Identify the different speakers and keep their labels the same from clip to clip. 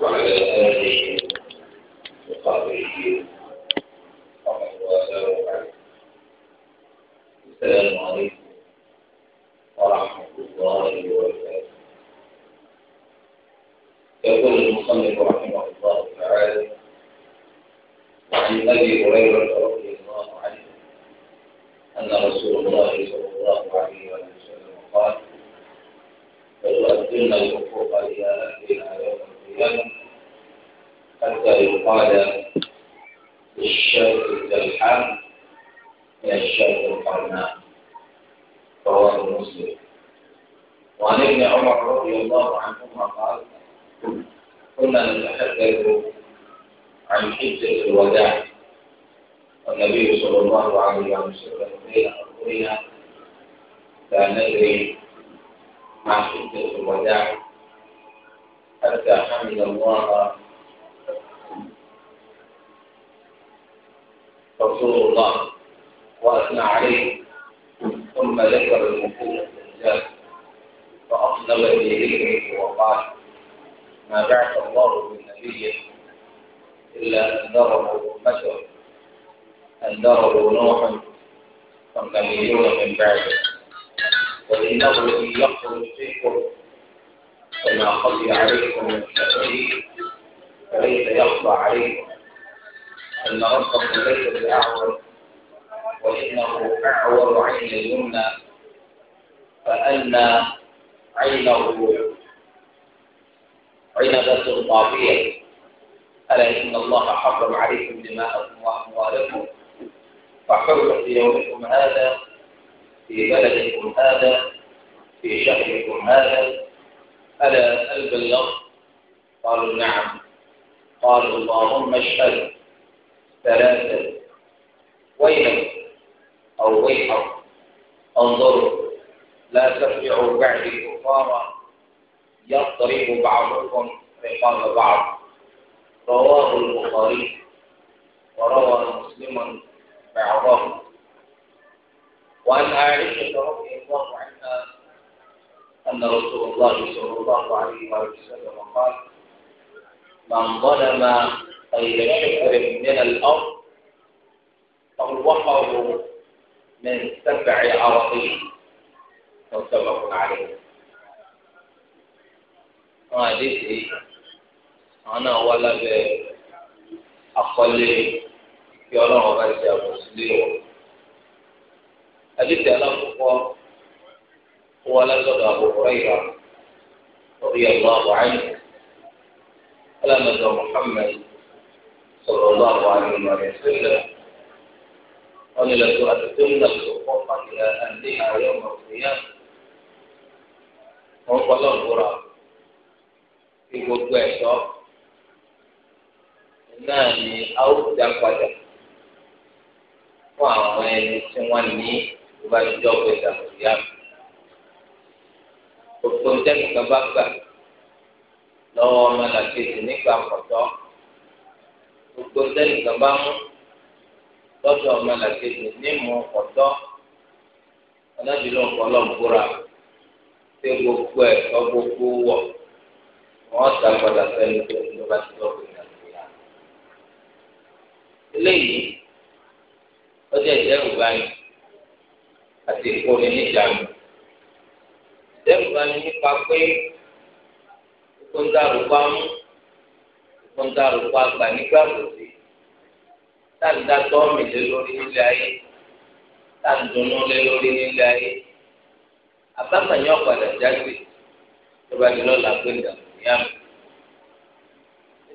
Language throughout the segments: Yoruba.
Speaker 1: وعلى آله وصحبه wọlé lọ́dọ̀ Abu Hurairah radiyallahu anhu ọlọ́mọdé Muhammad sallallahu alaihi wa sallam wọ́n lè tó àtúntò lọ́kọ́ pàtàkì àti ààrẹ ọmọkùnrin wọn kọ́ lọ́kùnrin kí gbogbo ẹ̀tọ́ náà ni a ó dá padà fún àwọn ẹni tí wọ́n ní ìbánidọ́gbẹ̀dà òyàmù gbogbo ìdẹ́nìkan bá gbà lọ́wọ́ ọmọ làkejì nígbà pọ̀tọ́ gbogbo ìdẹ́nìkan bá mú lọ́dọ̀ ọmọ làkejì nímú pọ̀tọ́ ọ̀nàbìlẹ̀ ọ̀pọ̀lọ́gbọ́ra pé gbogbo ẹ̀ tọ́ gbogbo wọ̀ wọ́n ta padà sẹ́yìn tó ń bá ti lọ́kùn ní àgbéyà. eléyìí ọjọ́ ìjẹ́rù báyìí àti ìkóni níjànú dẹ́rù bá mi nípa pé kó ń dàrú pa mú kó ń dàrú pa gbà nígbà lòdì táǹdà tọ́ọ̀mì lé lórí nílé ayé táǹdùnú lé lórí nílé ayé àbámanyọ́ padà jáde tó bá di pé ìdààmú ní àmì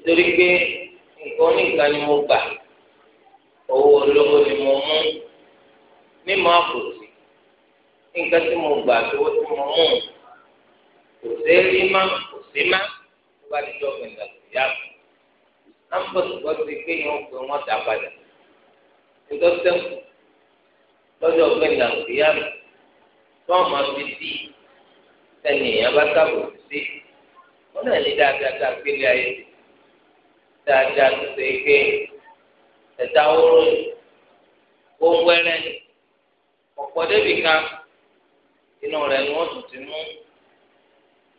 Speaker 1: nítorí pé nǹkan oníkan ni mo gbà owó olówó ni mo mú mímọ́ àpòsí nǹkan tí mo gbà tó tí mo mú kò sí rí má kò sí má tó bá ti dọ́gbìn ìgbà tó yá lọ. Ambọ̀sì gbọ́ ti pé yẹn wọ́n pé wọ́n dà padà. Ìdọ́sẹ̀ lọ́jọ́ ọ̀gbìn ìgbà tó yá lọ. Tọ́ọ̀ máa fi sí sẹ́ni èèyàn bá sábò sí. Wọ́n náà ní dáadáa tá a ayé. Dáadáa tó ṣe é pé ẹ̀dá oró ó wẹ́rẹ́ Ọ̀pọ̀ débì inú rẹ̀ ni wọ́n tún ti mú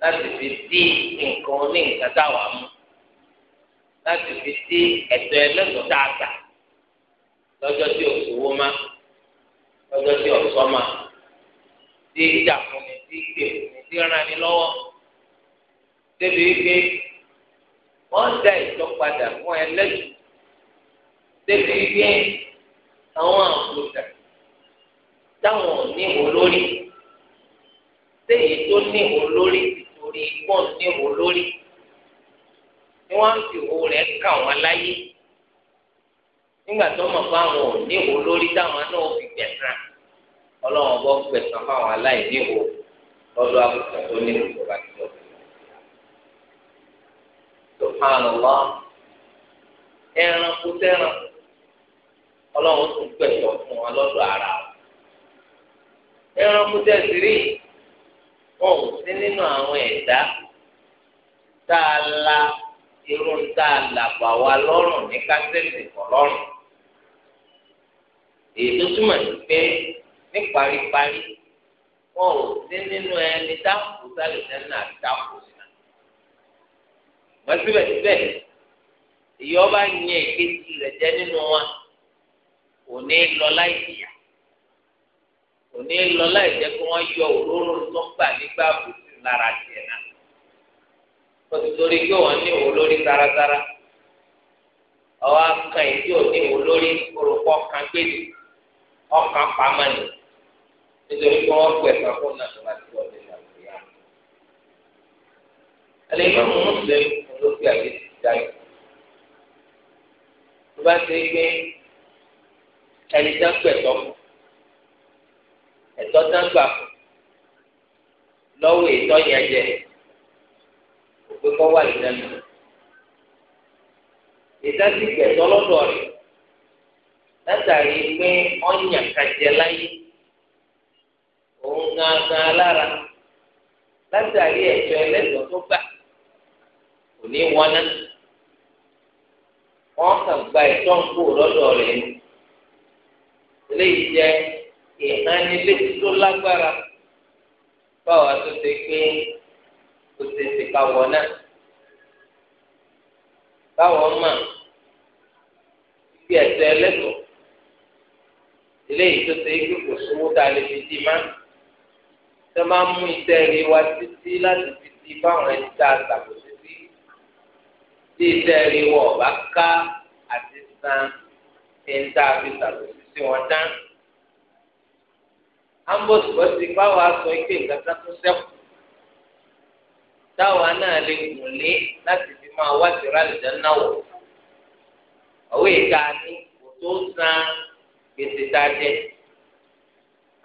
Speaker 1: láti fi dí nǹkan ní nǹkan táwa mú láti fi dí ẹ̀tọ́ ẹlẹ́tọ̀ọ́ dáadáa lọ́jọ́ tí òṣòwò má lọ́jọ́ tí ọ̀sọ́ má tí ìjà tí ìgbè tí ràn mí lọ́wọ́ débi wípé wọ́n da ìjọpadà fún ẹlẹ́tọ̀ọ́ débi wípé àwọn àbùdá táwọn ò ní ìwò lórí séyìí tó ní ìwò lórí di pọ̀ níwò lórí ni wọ́n fi wo rẹ̀ kà wọ́n láyé nígbà tó mọ̀ pé àwọn ò níwò lórí táwọn náà fi gbẹ̀sán ọlọ́run bọ́ gbẹ̀sán fáwọn aláìníwò lọ́dọ̀ àgùntàn tó níwò tó bá ti lọ. Subhanallah ẹranko tẹ́ran ọlọ́run tún gbẹ̀sán fún wọn lọ́dọ̀ ara ẹranko tẹ̀sí ọ̀hún sí nínú àwọn ẹ̀dá tá a la irun tá a là bà wá lọ́rùn ní kásẹ̀tì kọ̀ lọ́rùn. èyí tó túmọ̀ sí pé ní paríparí wọn ò sí nínú ẹni dáàbò sálẹ̀ sẹ́nà àti dáàbò sínú. wọ́n síbẹ̀síbẹ̀ èyí ọba yẹn ìkejì rẹ̀ jẹ́ nínú wa kò ní lọ láì jìyà òní lọ láì jẹ́ kí wọ́n yọ òróró tó ń gbà nígbà bùsù lára tiẹ̀ náà ó ti torí pé wọ́n ní òwò lórí taratara ọwọ́ kan èyí ò ní òwò lórí orúkọ kan gbèdè ọkàn pamọ́ ni nítorí pé wọ́n pẹ̀ kan fún náà nígbà tí wọ́n lè nà sí ya. ẹlẹ́yìn náà mú mùsùlùmí ló fi àyè tó bá ṣe é pé ẹni dá pẹ̀ tọ́ ẹ̀tọ́ sáńgbà fún lọ́wọ́ ètò yẹn jẹ òpè kọ́ wà ìdáná ìdásí gbẹ̀tọ́ lọ́dọ̀ rẹ̀ látàrí pé ọ̀yàn kàjẹ́ láyé òun gangan alára látàrí ẹ̀tọ́ ẹlẹ́tọ̀ tó gbà kò ní wọná wọ́n kàn gba ẹ̀tọ́ lọ́dọ̀ eléyìí jẹ́. ìhánilétí tó lágbára báwa tó ṣe pé kò ṣe ṣe ká wọ náà báwọn mà bí ẹsẹ ẹlẹtọ eléyìí tó ṣe pé kò sówó tá a lè fi di má tó máa mú iṣẹ́ rí wa títí láti fi di báwọn ẹni tá a ṣàkóso sí tí iṣẹ́ rí wọ ọba ká àti san ẹni tá a fi ṣàkóso sí wọn dáná ambosibọsi báwa sọ ike nǹkan tó ṣẹ́kù táwa náà lè gùn lé láti fi máa wá ìṣòro àlùjá náà wọ ọwọ́ ìka ni kò tó san gbèsè tá a jẹ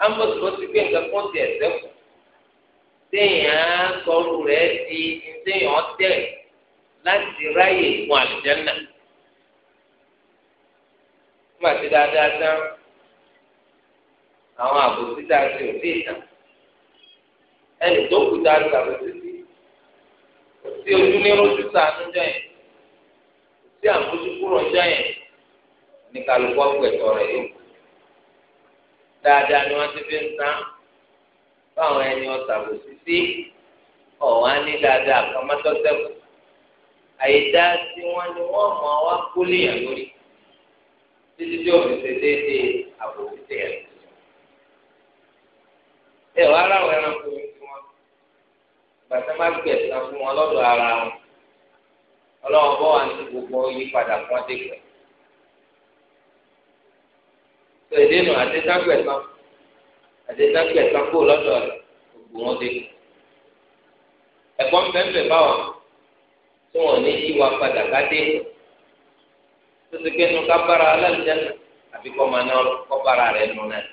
Speaker 1: ambosibọsi pé nǹkan kan tiẹ̀ ṣẹ́kù téèyàn sọrù rẹ̀ di téèyàn tẹ̀ láti ráyè gun àlùjá náà. Nígbà àwọn àbòsí tá a ṣe ò sí ìtàn ẹnì tó kù tá a ṣe àbòsí sí kò sí ojúléròjú sànú jọ yẹn kò sí àmójúkúrò jọ yẹn ní kálukọ pẹtọ rẹ yóò dáadáa ni wọn ti fi ń tán fáwọn ẹni ọ̀sà àbòsí sí ọ̀wá ní dáadáa àkàmọ́tọ́sẹ́kù àyídá tí wọ́n ní wọ́n mọ̀ wá kólé yàn lórí títí tí òfin ṣe déédéé àbòsí tẹ̀yẹ̀ ẹ wàá ráwọ ẹranko yìí fún wọn gbàtà má gbẹ̀sán fún wọn lọ́dọ̀ ara wọn ọlọ́wọ́ bọ́ wà ní gbogbo yí padà fún ọdẹ pẹ̀. tó èdè nù àdédágbẹ̀sán àdédágbẹ̀sán kó lọ́dọ̀ gbogbo wọn dé. ẹ̀gbọ́n bẹ́ẹ̀ báwọn tí wọn ní yíwa padà ká dé tó ti kẹ́nu ká bára alẹ́ àbí kọ́ máa ná kọ́ nù náà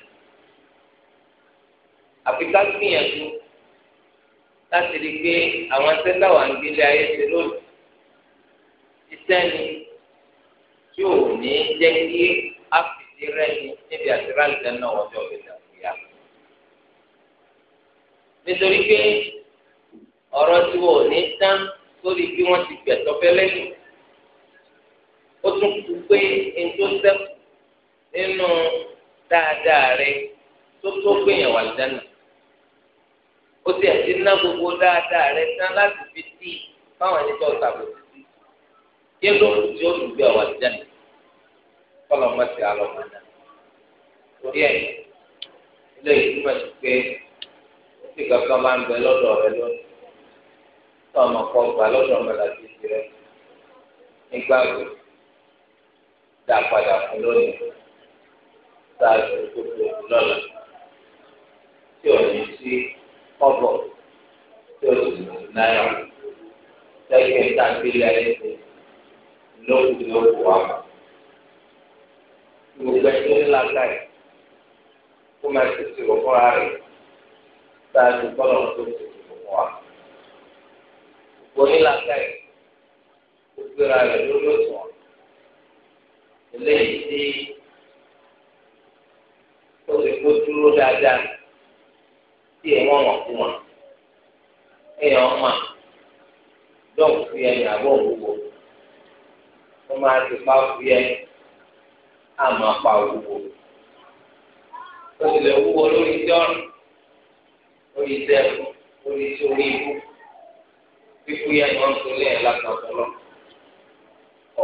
Speaker 1: àfi ká gbìyànjú láti rí i pé àwọn sẹ́ńtà wà ń gbélé ayé ṣe lónìí iṣẹ́ ni tí ò ní jẹ́ kí áfìdí rẹ́ni níbi àtìrá ìjẹ́ náà wọ́jọ́ ìjà ìyá. nítorí pé ọ̀rọ̀ tí wọ́n ò ní tán sórí bí wọ́n ti gbẹ̀tọ́ fẹ́lẹ́ yìí ó tún kú pé n tó sẹ́kù nínú dáadáa rẹ tó tó gbìyànjú àlùjáná ó ti ẹ̀sìn ná gbogbo dáadáa rẹ tán láti fi tí fáwọn ẹni tó ṣàbò títí kí ló ń tí ó lù gbé ọ̀wà jẹ́nì kọ́lọ̀ mọ́ sí alọ́ mọ́ náà torí ẹ̀ ilé ìtumọ̀ sí pé ó sì kankan máa ń bẹ lọ́dọ̀ rẹ lónìí tó ọmọ kọ́ gbà lọ́dọ̀ ọmọ láti ti rẹ nígbà wo dá padà fún lónìí sáà tó tó lọ́la tí ò ní sí ọ̀bọ̀ tí o sì náírà lẹ́yìn ìta ìpínlẹ̀ ayé ti lókù lókù wa. Gbogbo ẹni ní làákàyè kó máa ti sòrò fúnra rẹ̀ sáájú kọ́lọ̀ tó ti sòrò wa. Gbogbo ní làákàyè kó gbéra rẹ̀ lórí òṣùwọ̀n. tí ó ti kó dúró dáadáa tí ẹ wọ́n wọ̀n fún wọn ẹ̀yàn ọmọ dọ́ọ̀ fi ẹ̀yìn àbọ̀ òwúwo wọ́n máa ti pa fi ẹ̀yìn àmọ́ pa òwúwo
Speaker 2: ó ti lè wúwo lórí
Speaker 1: iṣẹ́ ọ̀rùn lórí iṣẹ́ ẹ̀kọ́ lórí iṣẹ́ orí ibú fífú ẹ̀yìn wọn tó lé ẹ̀ lásán ọpọlọ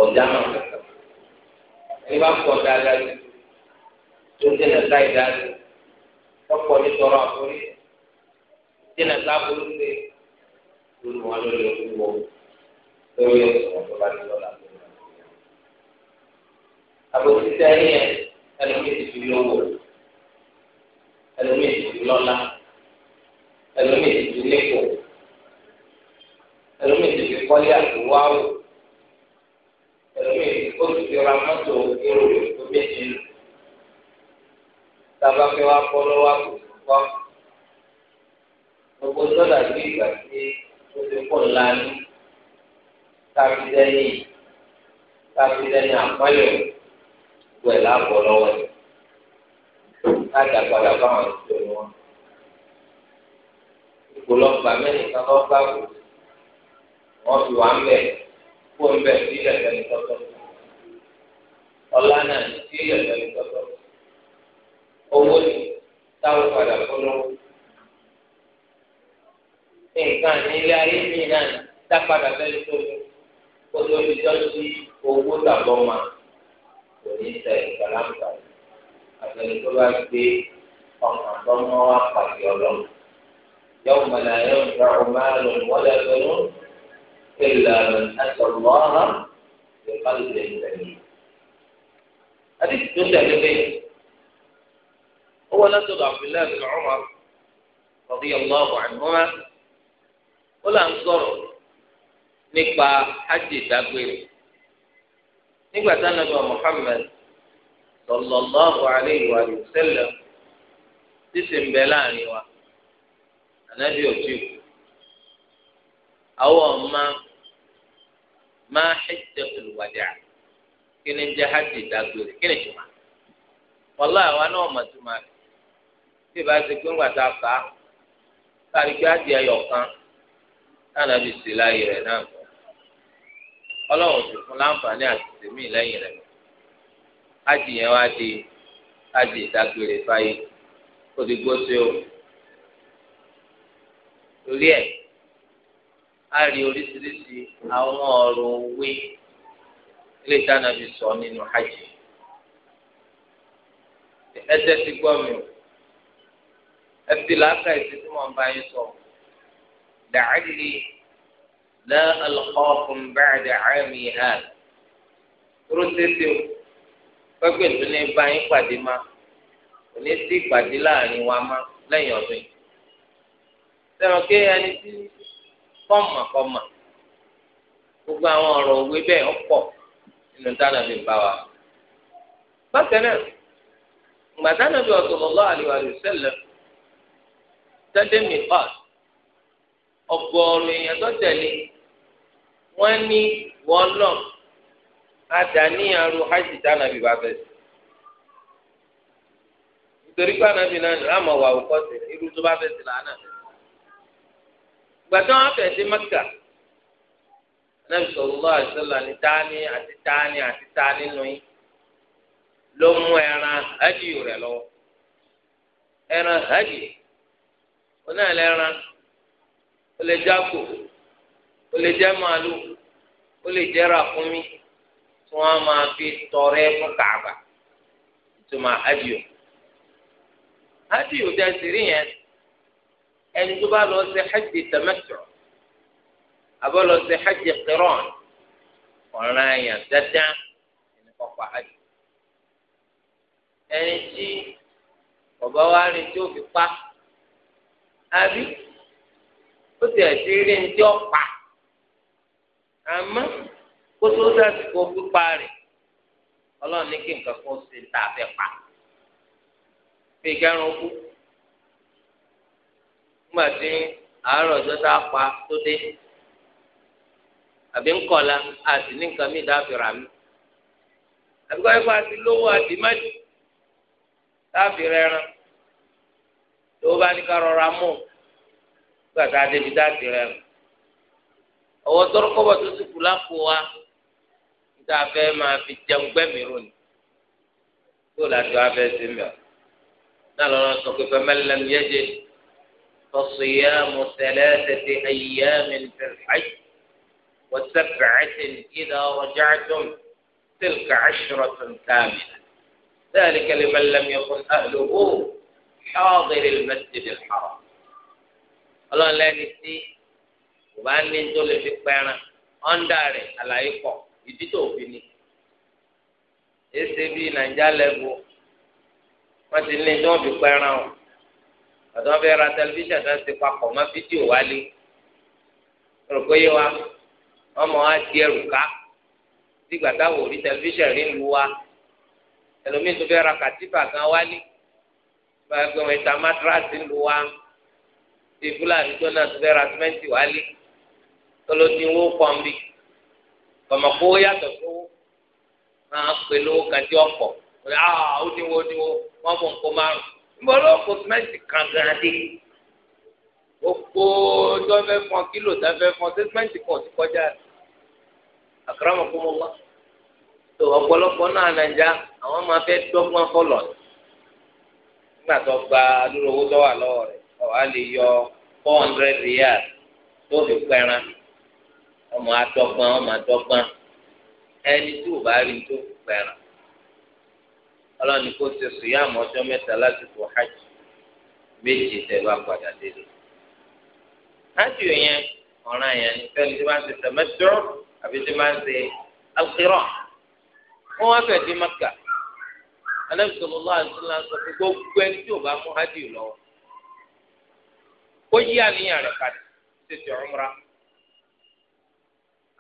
Speaker 1: ọ̀dà náà kẹsàn-án ẹni bá kọ̀ dáadáa tó ń tẹ̀lé láì dáadáa ọkọ̀ nítorọ̀ àforí jìnnà sábúrú ṣe lórí wọn lórí òkú wọn lórí ọ̀sán tó bá ti lọ́la tó lọ́la. àbòsí sẹ́yìn yẹn ẹlòmíì ti fi lówó ẹlòmíì ti fi lọ́la ẹlòmíì ti fi lẹ́kọ̀ọ́ ẹlòmíì ti fi kọ́lé àtúwáwò ẹlòmíì ó ti fi ra mọ́tò èrò tó méjì nù. sábà fẹ́ wá kọ́ lọ́wọ́ àpò. láàyè káfí lẹ́yìn káfí lẹ́yìn àpọ́nlẹ̀ wẹ̀ láàbọ̀ lọ́wọ́ ẹ̀ láti àgbàdo àbáwọn ìṣòro wọn. ìpolọ́gba mẹ́rin kan lọ́ bá wò wọ́n fi wá ń bẹ̀ kó ń bẹ̀ sí ilẹ̀ fẹ́ni tọ́tọ́. ọ̀la náà sí ilẹ̀ fẹ́ni tọ́tọ́. owó ni táwọn padà fọlọ́wọ́ nǹkan ní ilé ayé mi náà dápadà fẹ́ẹ́ tó mi kó tó fi tọ́jú owó tàbọ̀ ma kò ní sẹ ìgbàlámùtà àtẹnudọ́ tó bá gbé ọkàn tó mọ́ wá pàṣẹ ọlọ́run yọ̀wù mọ̀lá yọ̀wù ra ọmọ àlọ́ wọlé ẹgbẹ̀rún ìlà ẹ̀sọ̀rọ̀ ọ̀hán ìpàdé ìgbẹ̀yìn. àdìsí tó tẹ̀lé bẹ́ẹ̀ ó wọlé tó dàbí lẹ́ẹ̀dùn ọ̀hún رضي الله عنهما ó là ń sọ̀rọ̀ nípa hajj dágbére nígbà tá nàbẹ muhammed sallallahu alayhi wa sallam títí ń bẹ láàrin wa ànábì òtí àwọn ọmọ máa hajjatul wada kí ni jẹ hajj dágbére kí ni àwa náà mọ̀ tó ìbá hajj kan. táwọn àbí sí láyé rẹ̀ náà ọlọ́run sì fún láǹfààní àti tèmí lẹ́yìn rẹ̀ ájì yẹn wá di ájì ìdágbére fáyé ó o torí a rí oríṣiríṣi àwọn ọ̀rọ̀ òwe ilé ìtànà fi sọ nínú hajj ẹsẹ̀ ti o ẹ fi làákà ẹsẹ̀ tí mo sọ. لعلي لا ألقاكم بعد عامي هذا
Speaker 2: رسيتي
Speaker 1: pẹ́pẹ́ tó ní bá yín pàdé má kò ní sí ìpàdé láàrin wa má lẹ́yìn ọdún yìí. sẹ́wọ̀n ké ẹni tí kọ́màkọ́mà gbogbo àwọn ọ̀rọ̀ òwe bẹ́ẹ̀ ó pọ̀ nínú dáná fi bá wa. bákan náà ìgbà dáná fi ọ̀sọ̀rọ̀ lọ́wọ́ àlè wa lè sẹ́lẹ̀ tẹ́lẹ̀ mi pàṣẹ. ọgọ́rùn èèyàn tó tẹ̀lé wọ́n ní wọ́n lọ adàníyàrú hajj dáná bá fẹ́ sí nítorí pé ànábì náà ní àmọ̀ wà òkọ́ sí irú tó bá fẹ́ sí làánà gbàtọ́ wọn sí mẹ́kà ànábì sallallahu alaihi wasallam ní tání àti tání àti tání ló mú ẹran o le jẹ́ àgbò ó lè jẹ́ màálù ó lè jẹ́ ràkúnmí tí máa fi tọrẹ fún kààbà tó máa ádìo ádìo dá sí yẹn ẹni tó bá lọ sí hajj lọ sí hajj ọ̀ràn ẹni kọ́kọ́ ẹni fi pa ó ti ẹ̀sìn rí ní tí ó pa àmọ́ kó tó sàsìkò pípa rẹ̀ ọlọ́run ní kí nǹkan kan ṣe tá a fẹ́ pa fi kẹrun kú nígbà tí àárọ̀ ọjọ́ tá a pa tó dé àbí ńkọ̀la àti ní nǹkan mìíràn dábìrà mi àbí kọ́ ẹ̀fọ́ àti lówó àti mẹ́tì dábìrà ẹran tó bá ní ká rọra mú un. gbàtà débi dáàtì rẹ ọwọ́ tọrọkọbọ tó ti kù lápò wa níta fẹ́ máa fi jẹun gbẹmìíràn ni yóò láti wá fẹ́ sí mi ọ náà lọ́nà sọ pé fẹ fẹmẹlẹ mi yẹ jẹ فصيام ثلاثة أيام في الحج وسبعة إذا رجعتم تلك عشرة كاملة
Speaker 2: ذلك لمن لم
Speaker 1: يكن أهله حاضر المسجد الحرام ọlọ́run lẹ́ni tí kò bá ní tó lè fi pẹ́ran ọ́ndà rẹ̀ àlàyé pọ̀ ìdí tó fi ni èsè bíi nàìjà lẹ́gbò wọ́n ti ní tí wọ́n fi pẹ́ran o àtọ́ fẹ́ ra tẹlifíṣàn tó ń ti papọ̀ mọ́ fídíò wálé rò pé wa wọ́n mọ̀ á di ẹrù ká sígbà táwọn òrí tẹlifíṣàn rí lu wa ẹlòmíín tó fẹ́ ra kàtífà kan wálé báyìí pé wọ́n ta mátíráàsì lu wa ti fúlàní tó náà tó fẹ́ ra sìmẹ́ǹtì wálé tó ló dín owó pọ̀ nbí kọ̀mọ̀ kó yàtọ̀ sówó máa pè lówó kan tí ọ̀pọ̀ ah ó dín owó dín owó wọ́n fún nǹkó márùn níbo ló kó sìmẹ́ǹtì kan gan dé gbogbo tó fẹ́ fọn kílò tó fẹ́ fọn sìmẹ́ǹtì kan ti kọjá àkàràmọ̀kọ́mọ́ wá tó ọ̀pọ̀lọpọ̀ náà nàìjà àwọn máa fẹ́ dọ́gbọ́n fọlọ́ọ̀ nígbà tó gba lórí owó tó wà lọ́wọ́ rẹ̀ ọ̀ á lè yọ four hundred riyal tó fi pẹran ọmọ atọ́gbọ́n ọmọ atọ́gbọ́n ẹni tí ò bá rí tó fi pẹran ọlọ́ni kó ṣe sùyàmù ọjọ́ mẹ́ta lásìkò hajj méje tẹ́ bá padà délé hajj yẹn ọ̀ràn yẹn ni fẹ́ni tí wọ́n ti tẹ̀mẹ́tọ́ àbí tí wọ́n ti alqirah wọ́n wá fẹ́ di maka alẹ́ sọ̀rọ̀ lọ́wọ́ àti sọ́lá gbogbo ẹni tí ò bá mú hajj lọ́wọ́ kó yí àníyàn rẹ̀ kalẹ̀ tètè ọmọra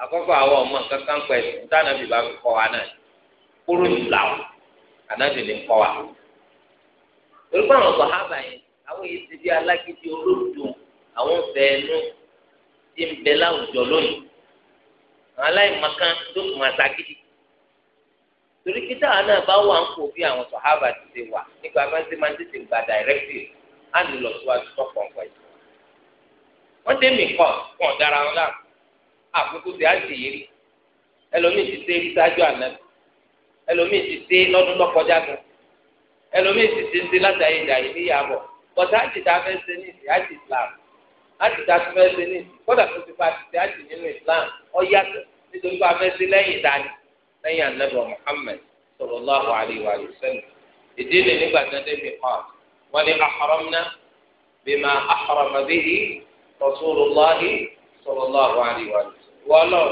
Speaker 1: àkọ́kọ́ àwọn ọmọ kankan pẹ ntànàbí bá fi kọ́ wa náà kúrò nílà wa ànábì ní kọ́ wa olùkọ́ àwọn sọ̀hábà yẹn àwọn yìí ti di alágídí olóòdò àwọn fẹ́ẹ́nu ti ń bẹ láwùjọ lónìí àwọn aláìmọ̀kan tó kùn àtàgídí torí kíta àná bá wà ń kó bí àwọn sọ̀hábà ti wà nígbà máa máa ń tètè gba dàrẹ́kítì á nílò síwájú tó pọ̀ yìí. wọ́n tẹ́ mi kàn kàn dára wọn láàmú àkókò tí a sì yéri ẹlòmíì ti ṣe ṣáájú àná ẹlòmíì ti ṣe lọ́dún lọ́kọjá gan ẹlòmíì ti ṣe ṣe látàyè ìdàyè níyàbọ̀ bọ́tà àti tá a fẹ́ ṣe ní ìsìn Islam àti tá a fẹ́ ṣe ní ìsìn kódà tó ti fa nínú Islam yàtọ̀ nítorí pé a fẹ́ ṣe lẹ́yìn Rasulullahi sallallahu alaihi wa sallam wọ́n lọ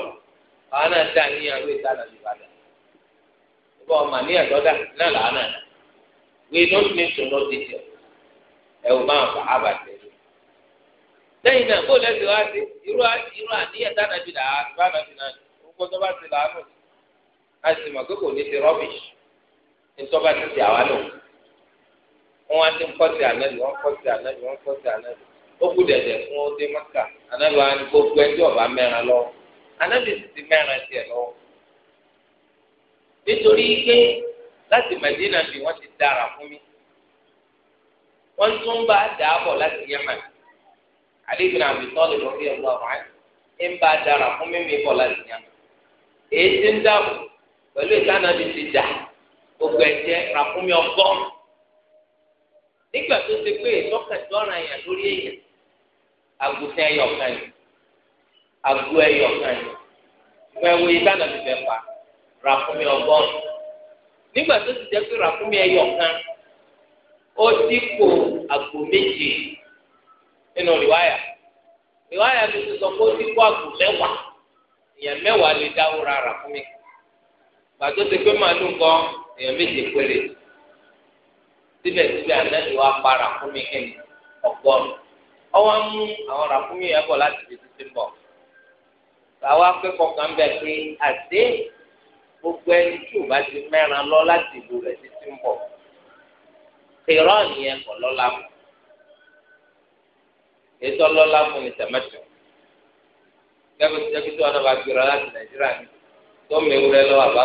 Speaker 1: àwọn náà dá níyàwó ìdáná ní Ìbàdàn ìbọn ọmọ àníyàn lọ́dà náà we don't need to know detail ẹ wò máa fà á na lẹ́yìn náà kó lẹ́sìn iru sí irú irú àníyàn dáná bí là á bá náà bí náà gbogbo tó bá ti ti rubbish ti ti ti ó kú dẹ̀dẹ̀ fún ó dé mọ́kà anábì wa ni gbogbo ẹjọ́ ọba mẹ́ran lọ anábì sì ti mẹ́ran tiẹ̀ lọ. nítorí ike láti mẹ̀dínà bí wọ́n ti dára fún mi wọ́n tún bá dàábọ̀ láti yẹ́mà àdébìnrin àbí tọ́lẹ̀ lórí ẹ̀ lọ́wọ́ àwọn ẹ̀ ń bá dára fún mi mi bọ̀ láti yẹ́mà èyí ti ń dàbò pẹ̀lú ìtànà mi ti dà gbogbo ẹ̀jẹ̀ ràkúnmí ọgbọ́n nígbà tó ti pé ìtọ́kẹ̀tọ́ ara yẹn lórí èèyàn agutẹ ẹyọkan yìí agu ẹyọkan yìí wọn wo yìí dáná fífẹ pa ràkúnmí ọgọ́rùn nígbà tó ti jẹ pé ràkúnmí ẹyọkan ó dípò àgbò méje nínú rìwáyà rìwáyà mi ti sọ pé ó dípò àgbò mẹ́wàá èèyàn mẹ́wàá lè dáwó ra ràkúnmí gbàtó ti pé màálù ńkọ́ èèyàn méje péré síbẹ̀síbẹ̀ ànáni wa pa ràkúnmí kẹ́ni ọgọ́rùn ọwọ́ ń mú àwọn ràkúnmí yẹn bọ̀ láti fi títí bọ̀. Àwọn akẹ́kọ̀ọ́ kan bẹ̀ pé àdé gbogbo ẹni tí ò bá ti mẹ́ran lọ láti ìlú rẹ̀ títí ń bọ̀. Tìrán yẹn kọ̀ lọ́la mú. Ètò ọlọ́lá mú ni tẹ̀mẹ́tì. Gẹ́gẹ́ bí jẹ́kí tí bá gbéra láti Nàìjíríà ni tó mẹ́wúrẹ́ lọ́wọ́ àbá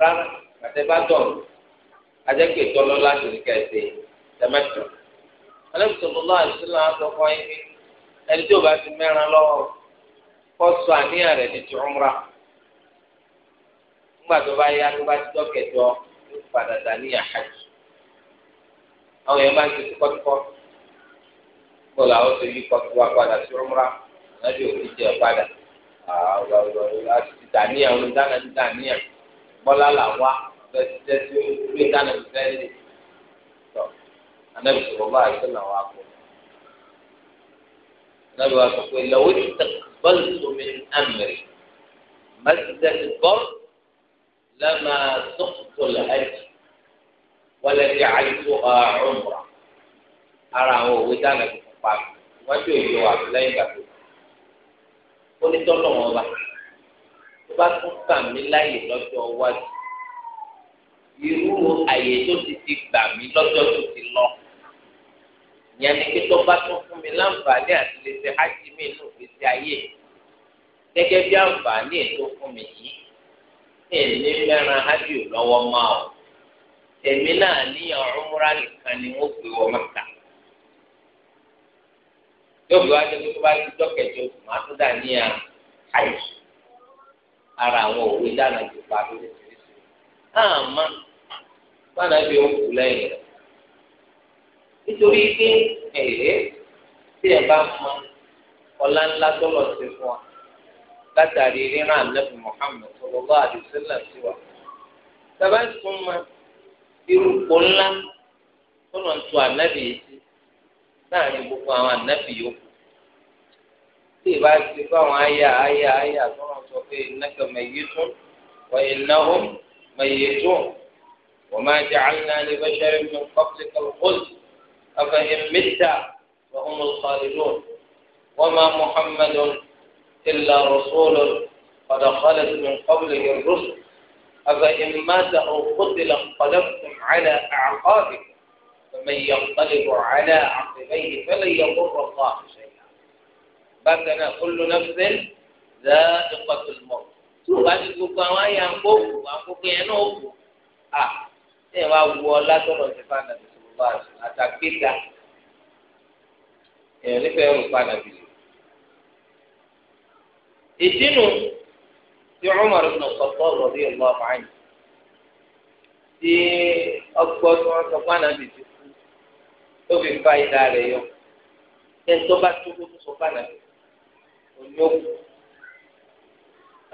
Speaker 1: Rárá, àtẹ dọ̀rọ̀. Ajẹ́kẹ̀ẹ́ tọ́lọ́lá sì ní kẹ́ẹ̀sì tẹ̀mẹ́tì. alẹ́ sọ̀rọ̀ àdìsílẹ̀ àtọ̀kọ́ yìí ẹni tí o ba ti mẹ́ran lọ́wọ́ kọ́ sọ àníyàn di ti umra nígbà tó bá yá tó ti tọ́ kẹjọ ló padà dà níyà hajj àwọn yẹn máa ń tètè kọ́tíkọ́ kó làwọn tó yí kọ́tí wá padà sí umra lọ́dí òkú jẹ ti ti anabi sọ̀rọ̀ bá àìsàn làwọn akọ anabi wa sọ pé lọ́wọ́ ti tẹ̀ bọ́ọ̀lù sómi amẹ̀rì mẹ́tẹ̀ẹ̀tì bọ́ọ̀lù lẹ́mà sọ́kùtò lẹ́hẹ́jì wọlé ti àìsàn ọ̀rùn rà ara àwọn òwe dáná ti pa wọ́n tó èyí wà lẹ́yìn gbàgbé ó ní tọ́lọ̀ wọn bá tó bá tún kà mí láyè lọ́jọ́ wájú irú àyè tó ti ti gbà mí lọ́jọ́ tó ti lọ yẹn ni pé tó bá tún fún mi láǹfààní àti lè ṣe hajj mi nù gbèsè ayé gẹ́gẹ́ bí àǹfààní ètò fún mi yìí èmi mẹ́ran hajj lọ́wọ́ máa o èmi náà níyàn ọmúra nìkan ni wọ́n gbé wọ́n mọ́ta yóò fi wá jẹ́ tó bá ti dọ́kẹ̀jọ má tó dà níyàn hajj ara àwọn òwe dáná ti pa lórí àmọ́ bá nàá fi kú lẹ́yìn rẹ̀ nítorí pé ẹ̀ẹ́ tí ẹ bá mọ ọlá ńlá tó lọ sí fún wa látàrí ríran ànábì Muhammad sallallahu alaihi wasallam sí wa tàbá tún mọ irúpò ńlá tó lọ tu ànábì yìí sí láàrin gbogbo àwọn ànábì yòókù tí ìbá ti fún àwọn àyà àyà àyà tó sọ pé innaka mayyitun wa innahum mayyitun wa ma ja'alna li basharin min qablika al-khuld. أفإن مت وهم الخالدون وما محمد إلا رسول قد خلت من قبله الرسل أفإن مات أو قتل انقلبتم على أعقابكم فمن ينقلب على عقبيه فلن يضر الله شيئا بعدنا كل نفس ذائقة الموت tuba ti gbogbo àwọn àyà ń kó òkú àkókò yẹn náà à ṣé ọ látọ̀rọ̀ wà àtàgbéga èèyàn nífẹ̀ẹ́ rò pa nàbì. ìdínú tí Umar ibn Khattab radiyallahu anhu tí ọgbọ́n tí wọ́n sọ pa nàbì ti kú tó fi fa ìdá rẹ̀ yọ ẹni tó bá tó kó tó sọ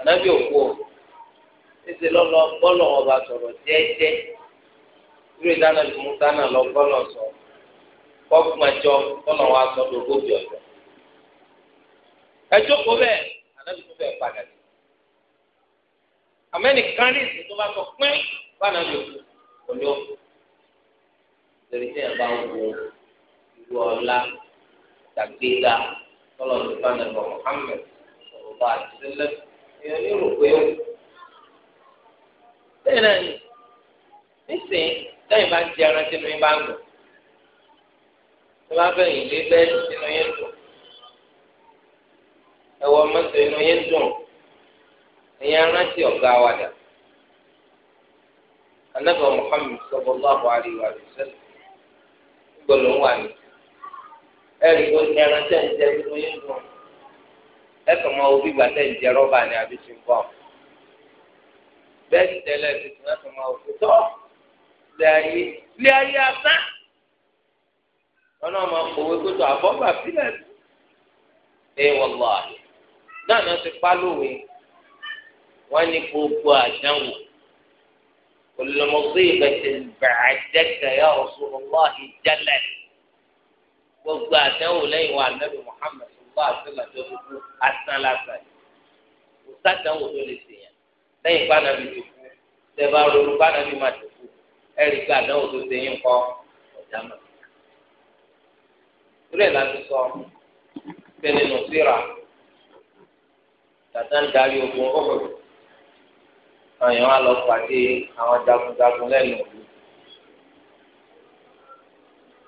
Speaker 1: ànábì òkú ọba irú ìdáná ìlú musa náà lọ gbọ́nà sọ kọ́gbọ́n ẹjọ́ tọ́nà wa sọ ló gbòdì ọ̀dọ́. ẹjọ́ kó bẹ́ẹ̀ ànábi tó bẹ́ẹ̀ padà sí. àmẹ́ni kárìsì tó bá sọ pín bánà yòó kò ní òkú. lórí tí ẹ bá ń wo ìlú ọ̀la tàgbéga tọ́nà tó bá lọ Muhammad sọ̀rọ̀ bá a ti sílẹ̀ èèyàn ní pé ó. bẹ́ẹ̀ náà ní nísìnyí. lẹ́yìn bá ń di ẹran sínú yín bá ń lò tó bá fẹ̀yìn lé bẹ́ẹ̀dì sínú yín dùn ẹ̀wọ̀ mọ́tò inú yín dùn ẹ̀yìn arántí ọ̀gá wa dà anabi wa sallam gbọ́dọ̀ wà ní ẹ̀rí kó ní ẹran tẹ̀ ń jẹ inú yín dùn ẹ̀kọ́ máa wo bí tẹ̀ ń rọ́bà ni àbí ti ń bọ̀ bẹ́ẹ̀ tẹ́lẹ̀ máa wo tó ilé ayé ilé ayé asá ọlọ́run máa kọ̀wé kótó àbọ̀gbà sílẹ̀ ẹ wọ́lọ́ àlè náà náà ti pa lówe wọ́n ní gbogbo àdánwò olùmọ̀sí ìbẹ̀tẹ̀ bàdẹ́kẹ̀ yà Rasulullahi jẹ́lẹ̀ gbogbo àdánwò lẹ́yìn wa nàbì Muhammad sọ̀rọ̀ àtẹ̀lẹ̀ tó fi kú asán lásán kò sádánwò tó lè sèyàn lẹ́yìn bá nàbì tó kú tẹ̀ bá ronú bá nàbì má tó ẹ̀rí pé àdánwò tó ṣe yín kọ́ ọ̀já mọ̀. ìrẹ̀ láti sọ pé nínú síra tàtà ń darí ogun ọ̀hún àwọn èèyàn á lọ pàdé àwọn jagunjagun lẹ́nu òbí.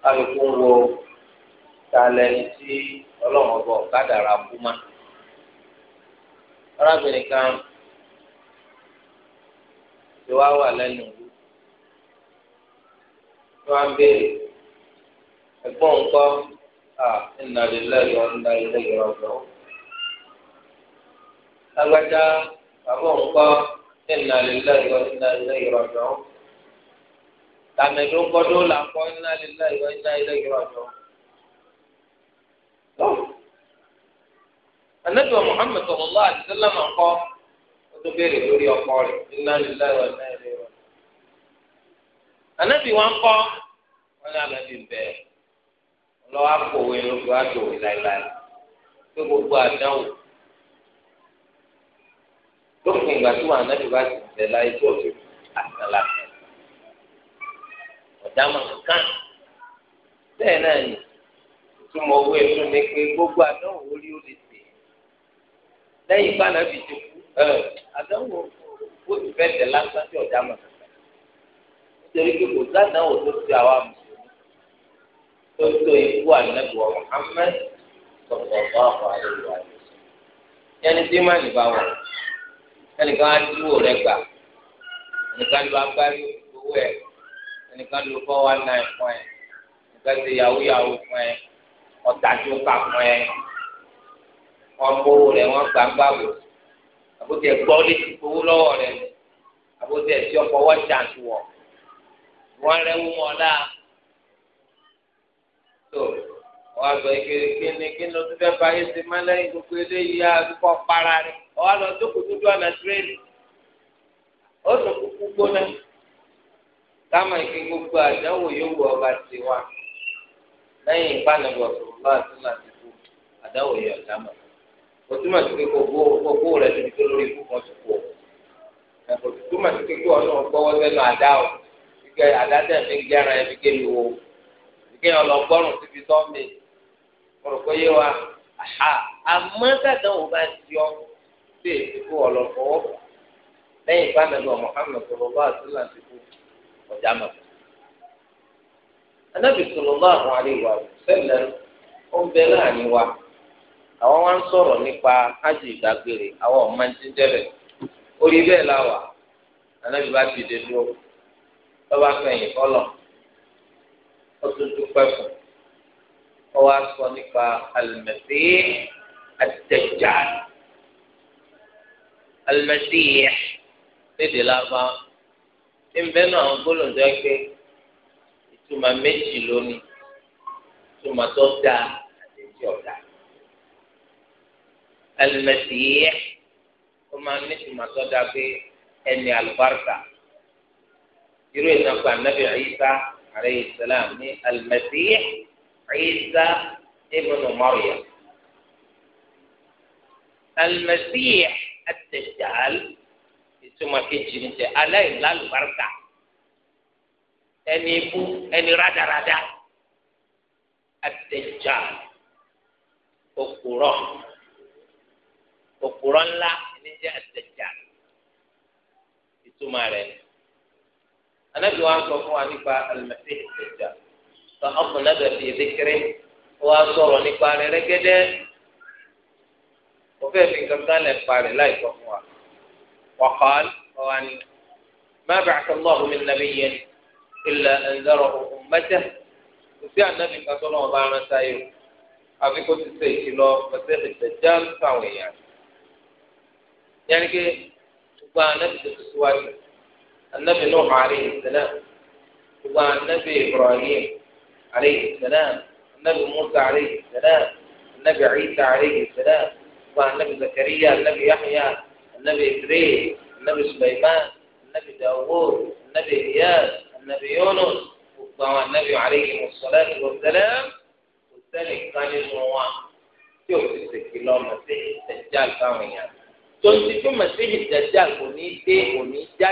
Speaker 1: kálukú ń wo talẹ̀ tí ọlọ́run ọba ọ̀kadàrà kú mọ́. arábìnrin kan ti wá wà lẹ́nu òbí tó wá ń béèrè ẹ̀gbọ́n nǹkan à inna lillahi wa inna ilayhi raji'un. lágbájá bàbá nǹkan inna lillahi wa inna ilayhi raji'un. tàmẹ̀dó gbọ́dọ̀ là ń kọ́ inna lillahi wa inna ilayhi raji'un. anabi wa muhammed sallallahu alaihi wa sallam akọ ó béèrè lórí ọkọ rẹ̀ inna lillahi wa inna ilayhi raji'un. anabi wa ń wọn ní alẹ́ fi bẹ̀ ọlọ́wọ́ akọ̀wé lóko àjòwé láéláé pé gbogbo àdáwò lópin ìgbà tí wọn ànábì bá ti bẹ̀ láyé tó fi àtàlà ọ̀dàmọ̀ kan bẹ́ẹ̀ náà ni ìtumọ̀ owó ẹ̀tún ni pé gbogbo àdáwò orí ó lè tè lẹ́yìn bá ànábì ti kú àdáwò ó ti fẹ́ tẹ̀ lásán tí ọ̀dàmọ̀ nítorí pé kò sáà náà tó ti àwa mùsùlùmí tó tó ikú ànábìwọ̀ Muhammad sọ̀tọ̀ bá wà lórí àyè. yẹni tí má nìbá wọ̀ ẹnìkan á dúró rẹ gbà ẹnìkan lu agbárí owó ẹ ẹnìkan lu four one nine fún ẹ ẹnìkan ti yahoo yahoo fún ẹ ọ̀tàjú kà fún ẹ wọn bó owó rẹ wọn gbàgbà wò àbótẹ gbọ́ létí owó lọ́wọ́ rẹ àbótẹ tí ọkọ̀ wọ́n ṣàtúwọ̀ wọn rẹ wú dáa. wọ́n á lọ ike kíni kíni o tún fẹ́ ba ayé ti máa lẹ́yìn gbogbo eléyìí yá àdúgbò para rẹ̀ wọ́n á lọ dókòó dúdú ọ̀nà tirẹ̀lì ó ike gbogbo àdánwò yóò wọ ọba ti wá lẹ́yìn ìpànìbọ̀ bá láti kú àdánwò yóò mọ̀ o rẹ̀ tó lórí ikú kan o kọ̀rọ̀kọ̀ yé wa àhà àmọ́ tàdán wò bá ti ọ́ sí èsìkò ọ̀lọ́fọwọ́ lẹ́yìn ìbánilọ Muhammad sọlọ́lá àtúnlá ti kú ọ̀já mọ̀. anábì sọlọ́lá àwọn àríwá sẹ́lẹ̀ ó ń bẹ láàrin wa àwọn wa ń sọ̀rọ̀ nípa ájì ìdágbére àwọn ọ̀ma ń jíjẹ́rẹ̀ orí bẹ́ẹ̀ la wà anábì bá ti dé dúró lọ́ba fẹ̀yìn kọ́lọ̀ ó tún dúpẹ́ fún un ọwọ́ sọ nípa al-Masih ad-Dajjal al-Masih lédè lábá níbẹ̀ náà àwọn gbólóńjọ pé ìtumọ̀ méjì lónìí ìtumọ̀ tó dáa àti tí ọ̀dà al-Masih ó máa ní ìtumọ̀ tó dáa pé ẹni àlùbáríkà irú ìtàn pa nàbì Ìsá alayhi ní al-Masih. عيسى ابن مريم المسيح الدجال ثم كجنت عليه لا البركة أني بو أني رادا رادا الدجال أقرأ أقرأ لا نجا الدجال ثم عليه أنا بيوان كفوا أني با المسيح الدجال fàákùn lábẹ́ fi ìdíkiri wọ́n á sọ̀rọ̀ nípa rẹ̀ rẹ́gẹ́dẹ́ òfin fi kankan lẹ̀ parí láì sọ fún wa wàhálà wọ́n ni má bàtà lọ́hùn mi nàbí yẹn ilẹ̀ ẹ̀ńdọ́rọ̀ òkun mẹ́tẹ́ kò sí ànábì kan tó lọ́wọ́ bá rán sáyé o àfi kó ti ṣe ìkìlọ̀ pẹ̀sẹ̀ ìtẹ̀já fáwọn èèyàn yẹn ni pé gbogbo ànábì tó ti síwájú ànábì Nuh alayhi salam gbogbo ànábì Ibrahim. عليه السلام النبي موسى عليه السلام النبي عيسى عليه السلام النبي زكريا النبي يحيى النبي إدريس النبي سليمان النبي داوود النبي إياس النبي يونس وطبعا النبي عليه الصلاة والسلام والثاني كان يسوع واحد شوف ti sèké الدجال mẹsíhì dẹjáàlì fáwọn èèyàn tó ń tijú mẹsíhì dẹjáàlì kò ní dé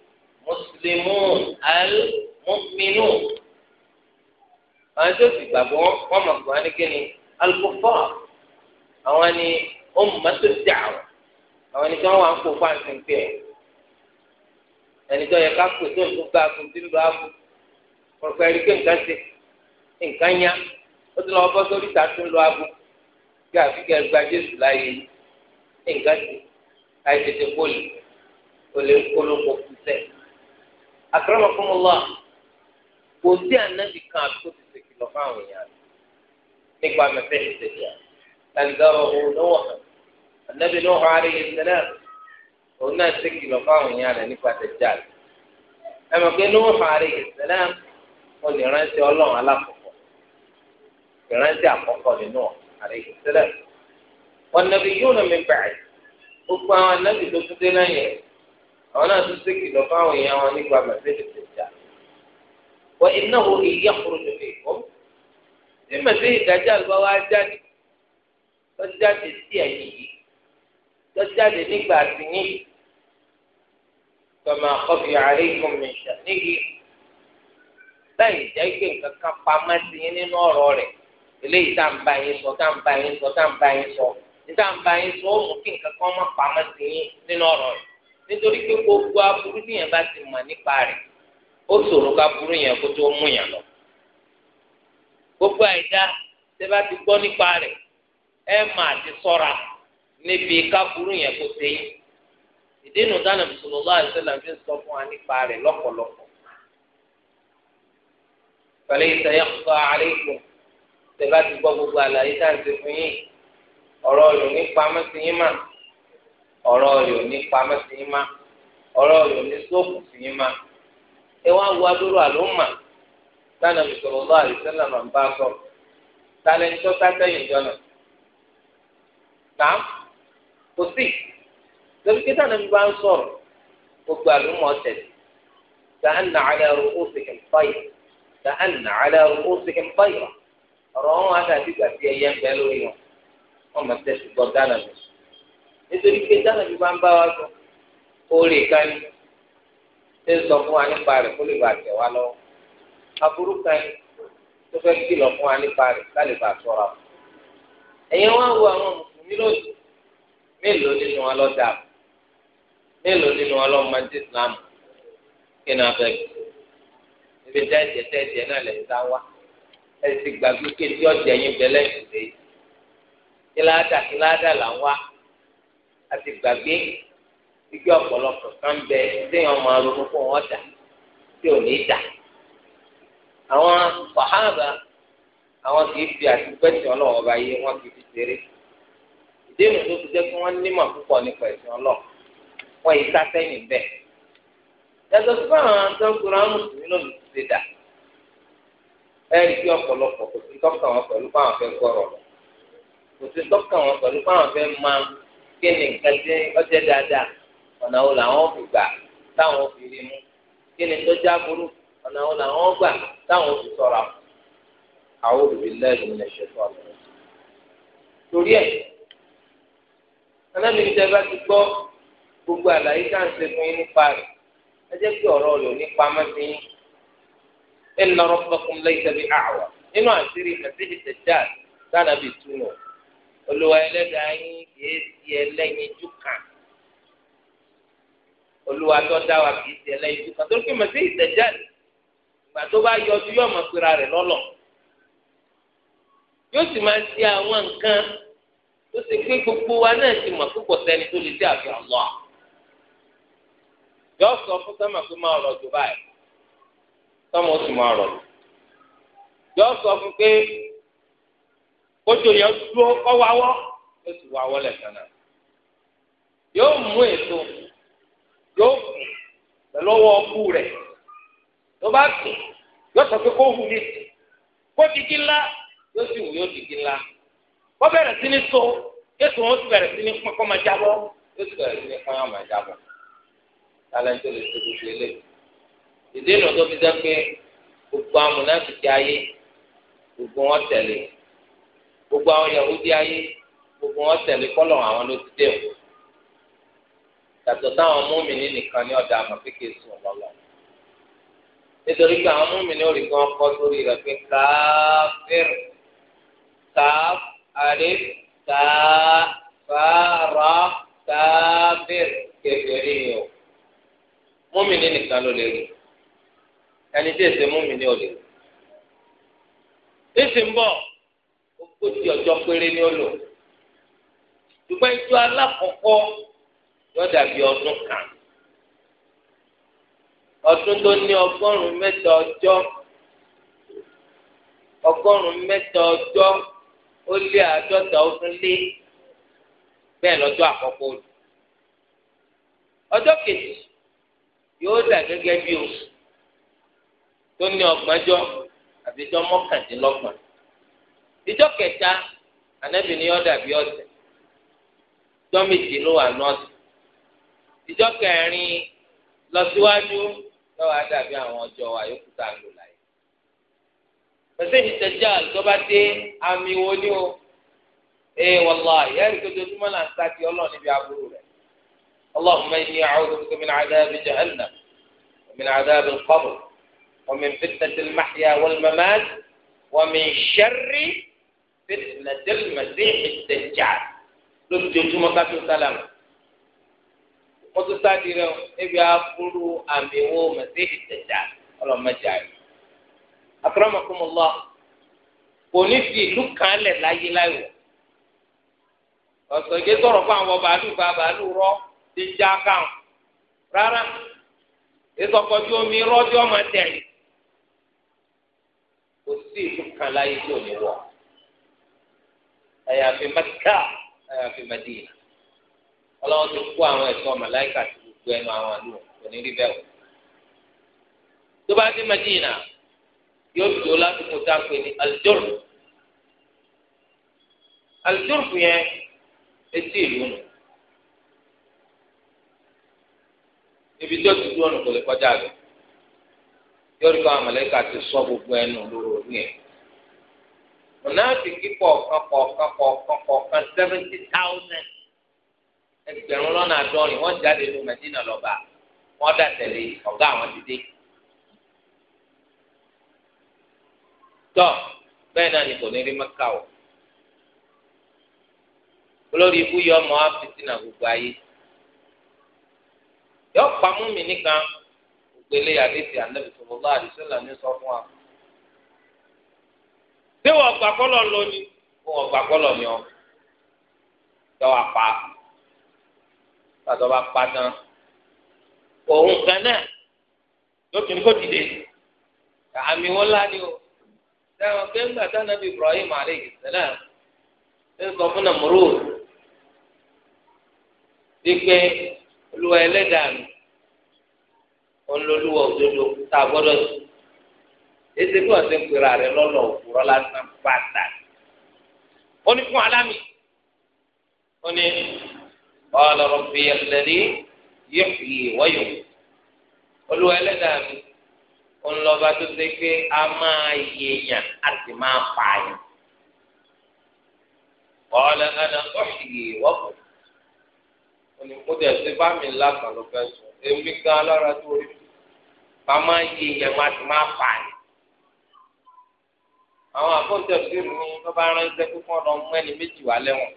Speaker 1: mùsùlùmùn àlùmùmínú àwọn tó ti gbàgbọ́ wọn mọ̀ pé wọn ní kí ni alùpùpọ̀ àwọn ni ó mọ̀ tó dà wọ́n àwọn ẹni tí wọn wà ń kó fáǹsì ń pè é ẹni tó yẹ ká pè tó ń tó gbà kó tìlú ààbò ọ̀pọ̀ ẹ̀rí pé nǹkan ṣe nǹkan yá ó ti lọ bọ́ sórí ìta tó ń lọ ààbò kí àfikẹ́ gba jésù láàyè nǹkan ṣe àìtètè pólì olè kólókò kùsẹ́ akramakumullah kò sí ànábì kan àbí kò ti sèkì lọ fáwọn èèyàn nípa mẹfẹ ìṣẹ̀lẹ̀ àgbàrọ òun lọ́wọ́ ànábì Nuhu alayhi salam òun náà sèkì lọ fáwọn èèyàn rẹ̀ nípa Dajjal ẹmọ pé Nuhu alayhi salam wọn lè rántí Ọlọ́run alákọ̀ọ́kọ́ ìrántí àkọ́kọ́ nínú alayhi salam wan nabiyyuna min ba'd gbogbo àwọn ànábì tó tún dé lẹ́yìn rẹ̀. àwọn náà tún ṣe kìlọ̀ fáwọn èèyàn wọn nípa mẹsẹ̀lẹ̀ tẹ̀jà wọ́n iná wo ìyá kúrò lórí ìkọ́ bí mẹsẹ̀lẹ̀ ìdájà ló bá wá jáde lọ́jáde sí ẹ̀yìn yìí lọ́jáde nígbà tìyìn tọ́mọ àkọ́bí àríkùn nǹkan kan pamọ́ sí yín nínú ọ̀rọ̀ rẹ̀ eléyìí tá à ń bá yín sọ tá à ń bá yín sọ tá à ń bá yín sọ ní tá à ń bá yín sọ ó mú kí nǹkan nítorí pé gbogbo aburú nìyẹn bá ti mọ̀ nípa rẹ̀ ó ṣòro ká burú yẹn kó tó mú yẹn lọ gbogbo àìdá tẹ́ bá ti gbọ́ nípa rẹ̀ ẹ mà ti ṣọ́ra níbi ká burú yẹn kó ṣe yín ìdínú dáná bisalòlá àìsílẹ̀ fi ń sọ fún wa nípa rẹ̀ lọ́pọ̀lọpọ̀
Speaker 2: pẹ̀lú ìtẹ̀yẹ́ kọ́ àríkù
Speaker 1: tẹ́ bá ti gbọ́ gbogbo àlàyé tá à ń ṣe fún yín ọ̀rọ̀ ọ̀lù ọ̀rọ̀ rẹ̀ ò ní pamọ́ sí yín má ọ̀rọ̀ rẹ̀ ò ní sóòkù sí yín má ẹ wá wo adúrú àlómà lánàá mi sọ̀rọ̀ lọ́wọ́ àdìsẹ́lẹ̀ máa ń bá a sọ̀rọ̀ tálẹ̀ ń tọ́ sátẹ́yìn jọ́nà tàá kò sí lórí kí tánà mi bá ń sọ̀rọ̀ gbogbo àlómà ọ̀tẹ̀ tàánà àlẹ́ ó sì kì í fàyè tàánà àlẹ́ ó sì kì í fàyè ọ̀rọ̀ wọn á dàbí ẹyẹ ń bẹ lórí wọn wọn mọ̀ tẹ̀sí gbọ́ dáná mi sọ nítorí pé tánàbí bá ń bá wa sọ oore kan ní ṣe ń sọ fún wa nípa rẹ̀ kó lè bàa tẹ̀ wá lọ́wọ́ aburú kan ní tó fẹ́ kìlọ̀ fún wa nípa rẹ̀ ká lè bàa sọ̀rọ̀ àwọn. ẹ̀yin wá wo àwọn mùsùlùmí lónìí mélòó nínú wọn lọ́dà mélòó nínú wọn lọ́mọ ti Islam kí ni a fẹ́ kí ibi tẹ́ ẹ̀jẹ̀ tẹ́ ẹ̀jẹ̀ náà lẹ̀ ń sá wá ẹ̀ sì gbàgbé kéde ọ̀jẹ̀ yín bẹ́lẹ̀ ìdílé kíláàdà kíláàdà là ń wá àti gbàgbé ìgbé ọ̀pọ̀lọpọ̀ kan bẹ téèyàn máa ronú fún wọn dà tí ò ní dà àwọn sàhábà àwọn kì í fi àtìpẹ́sì ọlọ́wọ́ ọba yé wọn kì í fi ṣeré ìdéhùn tó ti jẹ́ kí wọ́n nímọ̀ púpọ̀ nípa ẹ̀sìn ọlọ́ wọn yìí sá sẹ́yìn bẹ́ẹ̀ yàtọ̀ sí fáwọn àtọ́kùnrin àwọn mùsùlùmí náà ló ti ṣe dà ẹ̀rí kí ọ̀pọ̀lọpọ̀ kò sí tọ́ka wọn pẹ̀lú fáwọn fẹ́ gbọ́rọ̀ kò sí tọ́ka wọn pẹ̀lú fáwọn fẹ́ máa kí ni nǹkan jẹ́ ọjẹ́ dáadáa ọ̀nà wo làwọn fi gbà táwọn fi rí mú kí ni tó já burú ọ̀nà wo làwọn gbà táwọn fi sọ̀rọ̀ àwọn olùdílẹ́yìn ní ẹ̀ṣẹ̀ tó ọ̀nà. torí ẹ̀ anábìrin tẹ́ bá ti gbọ́ gbogbo àlàyé tá à ń ṣe fún yín nípa rẹ̀ ẹ jẹ́ kí ọ̀rọ̀ rẹ̀ ò ní pamọ́ sí yín. inna rabbakum laysa bi a'wa nínú àṣírí àti ìtẹ̀jáde dáadáa bíi túnú olúwa ẹlẹ́dàá yín kìí ti ẹlẹ́yin júkà
Speaker 2: olúwa tó dá wa
Speaker 1: kìí ti ẹlẹ́yin júkà torí pé màsí ìgbà tó bá yọjú yóò máa pera rẹ̀ yóò sì máa ti àwọn nǹkan tó ti pé gbogbo wa náà ti mọ̀ sọ fún sọ́mà pé máa rọ̀ jù báyìí sọ́mà ó sì máa sọ fún pé. kótó yẹn dúró kọ́wáwọ́ ó sì wáwọ́ lẹ́sàn náà yóò mú èso yóò kù pẹ̀lú ọwọ́ ọkú rẹ̀ tó bá kù yóò sọ pé kó hù ní kó digi ńlá yóò sì wù yóò digi ńlá kó bẹ̀rẹ̀ sí ní so yóò sì wọ́n sì bẹ̀rẹ̀ sí ní pọ́n kó máa jábọ́ yóò sì bẹ̀rẹ̀ sí ní pọ́n yóò jábọ́ tálẹ́ tó lè ṣe gbogbo eléyìí ìdí ìnà tó fi jẹ́ pé gbogbo amúnáfíkì ayé gbogbo wọn tẹ̀lé gbogbo àwọn yahudi ayé gbogbo wọn tẹ̀lé kọlọ àwọn ló ti dé o yàtọ̀ táwọn múmìnì nìkan ní ọdà àmọ́ kékeré sùn lọlọ
Speaker 2: nítorí pé àwọn múmìnì ò rí
Speaker 1: kí wọn kọ sórí rẹ̀ pé káfíìr káf àlè káfàrà káfíìr kékeré ni o múmìnì nìkan ló lè rí ẹni tí èsè múmìnì ò lè rí èsì ń bọ̀ ojú ọjọ́ péré ni ó lò ṣùgbọ́n ijó alákọ̀ọ́kọ́ yóò dàbí ọdún kan ọdún tó ní ọgọ́rùn-ún mẹ́ta ọjọ́ ọgọ́rùn-ún mẹ́ta ọjọ́ ó lé àádọ́ta ó tún lé bẹ́ẹ̀ lọ́jọ́ àkọ́kọ́ olù ọjọ́ kejì yóò dà gẹ́gẹ́ bí oṣù tó ní ọgbọ̀njọ́ àbíjọ́ mọ́kàndínlọ́gbọ̀n ìjọ kẹta anabi ni ọdà bí ọ̀sẹ̀ ìjọ méje ló wà nọọsì ìjọ kẹrin lọ síwájú lọ́wọ́ àdàbí àwọn ọjọ́ àyókù tá a lò láyé pèsè ìtẹjá àlùtọ́ba dé àmì wo ni o
Speaker 2: ee wàláhì
Speaker 1: ẹ̀rí kojoojúmọ́ là ń sáàkì ọlọ́run níbi aburú rẹ̀ اللهم إني أعوذ بك من عذاب جهنم ومن عذاب القبر ومن فتنة المحيا والممات ومن شر fitna del masih dajjal lójoojúmọ́ ká tó sálàmù wọ́n tún sáà di rẹ̀ ẹ̀bi aburú àmì wo masih dajjal ọlọ́mọdé ayé akramakumullah kò ní fi ìlú kan lẹ̀ láyé láyò ọ̀sọ̀ ìgbé sọ̀rọ̀ fún àwọn bàálù bá bàálù rọ ti já rárá ìsọkọjú omi rọ tí ọmọ tẹ̀lé kò sí ìlú kan láyé tí ò ní wọ̀ àyàfi Mẹ́kà àyàfi Mẹdínà Ọlọ́run ti kó àwọn ẹ̀tọ́ màláìkà ti gbogbo ẹnu àwọn àlù kò ní rí bẹ́ẹ̀ o tó bá dé Mẹdínà yóò dúró láti kó dáńpé ní aljurf aljurf yẹn etí ìlú nù ibi tó ti dúró nù kò lè kọjá rẹ̀ yóò rí kó àwọn màláìkà ti sọ gbogbo ẹnu lóru yẹn. mùnàfíkì kọ̀ọ̀kan kọ̀ọ̀kan kọ̀ọ̀kan kọ̀ọ̀kan seventy thousand ẹgbẹ̀rún lọ́nà àádọ́rin wọ́n jáde ní Mẹ́dínà lọ́ba wọ́n dà tẹ̀lé ọ̀gá àwọn dídé. tọ́ bẹ́ẹ̀ náà ni kò ní rí Mẹ́kà o olórí ikú yọ ọmọ áfíìsì náà gbogbo ayé yọ mi nìkan ṣé wọ́n gbà kọ́lọ̀ lọ ni wọ́n gbà kọ́lọ̀ ni ọ tọ́wọ́ apá tọ́wọ́ apá tán òun kan náà yóò tún kó dìde àmì wọn láni o sẹ́wọ̀n pé ńgbà táwọn bí Ibrahim aleyhi sẹ́lẹ̀ ń sọ fún nàmúrò wípé olúwa ẹlẹ́dàá mi olólùwà òdodo tá a gbọ́dọ̀ sí èsì bí wọn ṣe ń pera rẹ lọlọ òkúrọ lásán pátá ó ní fún alámì ó ní ọlọrọ fi ẹlẹrí yóò fi wọyọ olúwa ẹlẹ́dàá mi ńlọba tó ṣe pé a máa yéèyàn a sì máa pààyàn ọlọ ẹnà ọ̀ṣìyè wọ́pọ̀ ó ní kó dẹ̀ ṣe bá mi ńlá ló fẹ́ sọ èmi gan alára tó rí bá máa yéèyàn a sì máa pààyàn àwọn àkóńtẹ̀sí rù ní bàbá ránṣẹ́ púpọ̀ lọ mú ẹni méjì wá lẹ́wọ̀n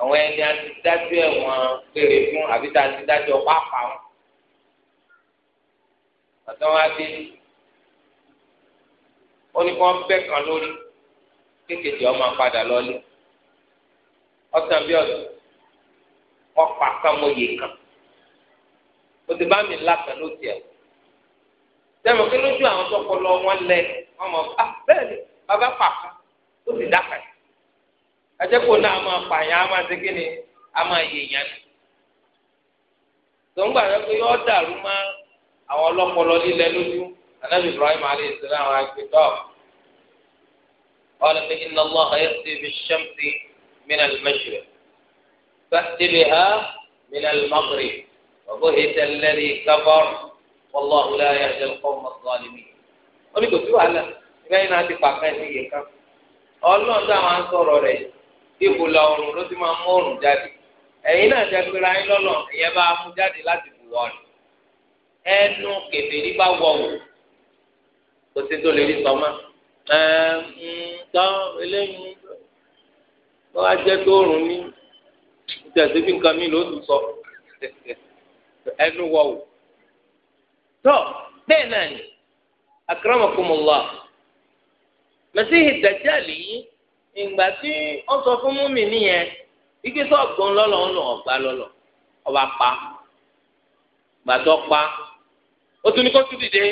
Speaker 1: àwọn ẹni àti dájú ẹ̀wọ̀n péré fún àbí tá a ti dájú ọpá pa wọn. àtàwọn adé ó ní kí wọ́n bẹ́ kan lórí kékeré ọmọ padà lọ́lé ọ̀sán bí ọ̀sán wọ́n pa kámọ́yé kan ó ti bá mi lápẹ̀ ló tiẹ̀ sẹ́mi kí lójú àwọn tó kọ́ lọ wọ́n lẹ́nu wọn mọ ah bẹ́ẹ̀ ni bàbá pàpà ó sì dákà yìí ajẹkọ náà máa pààyàn á máa ṣe kí ni á máa yèèyàn ni tòǹgbà rẹ pé yọ dàrú má àwọn ọlọ́pọlọ lílẹ lójú anabi ibrahim alayhi salaam wa gbẹdọ قال فإن الله يأتي بالشمس من المشرق فأت بها من المغرب وبهت الذي كفر والله لا يهدي القوم الظالمين wọ́n ní kò sí wàhálà lẹ́yìn náà ti pàkan ẹni yìí kan ọlọ́run tó àwọn sọ̀rọ̀ rẹ̀ ibò la ọrùn ló ti máa mú ọrùn jáde ẹ̀yin náà jẹ́ pé ráyìn lọ́lọ́ ìyẹn bá mú jáde láti bù wọ́ọ̀lù ẹnu kẹfẹ́rí bá wọ̀ wò kò sí tó lè rí sọ́mà ẹ̀ ń tán eléyìí wọ́n wá jẹ́ pé ọrùn ní ìtẹ̀sí bí nǹkan mi ló sọ ẹnu wọ̀ wò tó bẹ́ẹ̀ náà akramakumullah mẹsíhì dàjálì yìí ìgbà tí ó sọ fún múmi nìyẹn ike sọ gbọn lọlọ ńlọ ọgbà lọlọ ọba pa gbàtọ pa ó tún ní kó tún dìde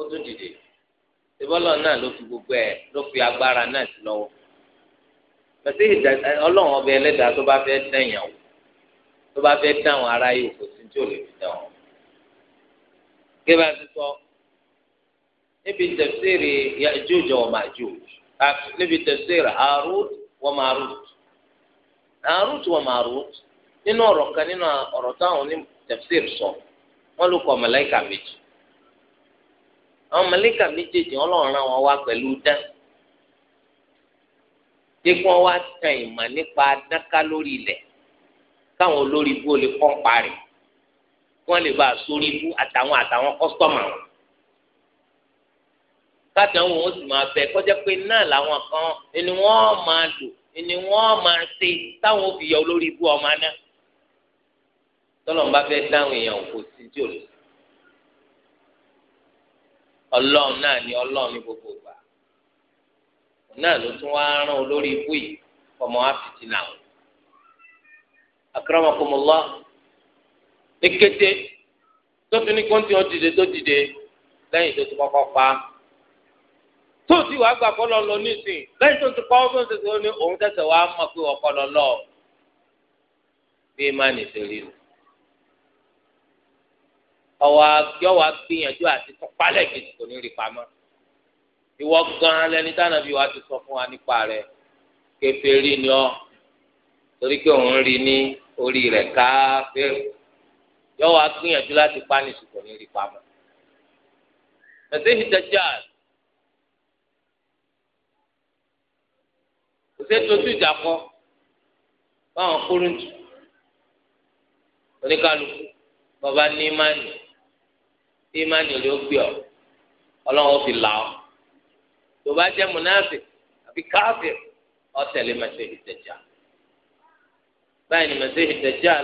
Speaker 1: ó tún dìde ìbọlọ náà ló fi gbogbo ẹ ló fi agbára náà sí lọ́wọ́ mẹsíhì dàjálì ọbẹ Ẹlẹ́dàá tó bá fẹ́ẹ́ dẹyàn o tó bá fẹ́ẹ́ dáhùn aráyé kò sí tí ò lè fi dáhùn kí bá ti sọ níbi tẹ̀síìrì Ya'juj wa Ma'juj níbi tẹ̀síìrì Harut wa Marut Harut wa Marut nínú ọ̀rọ̀ kan nínú ọ̀rọ̀ táwọn ní tẹ̀síìrì sọ wọ́n ló kọ màláíkà méjì àwọn màláíkà méjèèjì Ọlọ́run rán wọn wá pẹ̀lú dán pé kí wọ́n wá tan ìmọ̀ nípa dáká lórí ilẹ̀ káwọn olórí ibú ò lè pọ́ǹpa rẹ̀ kí wọ́n lè bá a sórí ibú àtàwọn àtàwọn kọ́sítọ́mà wọn. kátàwọn ó sì máa bẹ kọjá pé náà làwọn kan ni wọ́n máa lò ni wọ́n máa ṣe táwọn ò fi yọ olórí ibú ọmọ náà tọlọmọba fẹẹ dáhùn èèyàn kò sí tí ò lè Ọlọ́run náà ni Ọlọ́run ní gbogbo ìgbà náà ló tún wá rán olórí ibú yìí ọmọ afiti náà ní kété tó fi ní kóńtì ti tó ti wàá gbà kọ́ lọ lọ nísìn lẹ́yìn tó ti pọ́n fún ṣèṣe ó ní òun tẹ̀sẹ̀ wàá mọ̀ pé ọkọ lọ lọ bí imáni ṣe rí nu ọwọ́ yọ̀wá gbìyànjú àti tọ́pálẹ̀ kejì kò ní rí pamọ́ ìwọ gan lẹni tánà bí wàá ti sọ fún wa nípa rẹ̀ kèfèrí ni ọ torí pé òun rí ní orí rẹ̀ káfíìrì yọ̀wá gbìyànjú láti pa ní ṣùgbọ́n ní rí pamọ́ Mẹ̀síhì Dájjàl kò sí ètò ojú ìjà kọ báwọn kúrúntù oníkàlùkù bàbá ní ìmánì ìmánì ló gbé ọ ọlọ́run fi là ọ tó bá jẹ́ múnáfì àbí káfíìn ọ̀tẹ̀lẹ̀ mẹ́sẹ̀hì dẹ̀jà báyìí ni mẹ́sẹ̀hì dẹ̀jà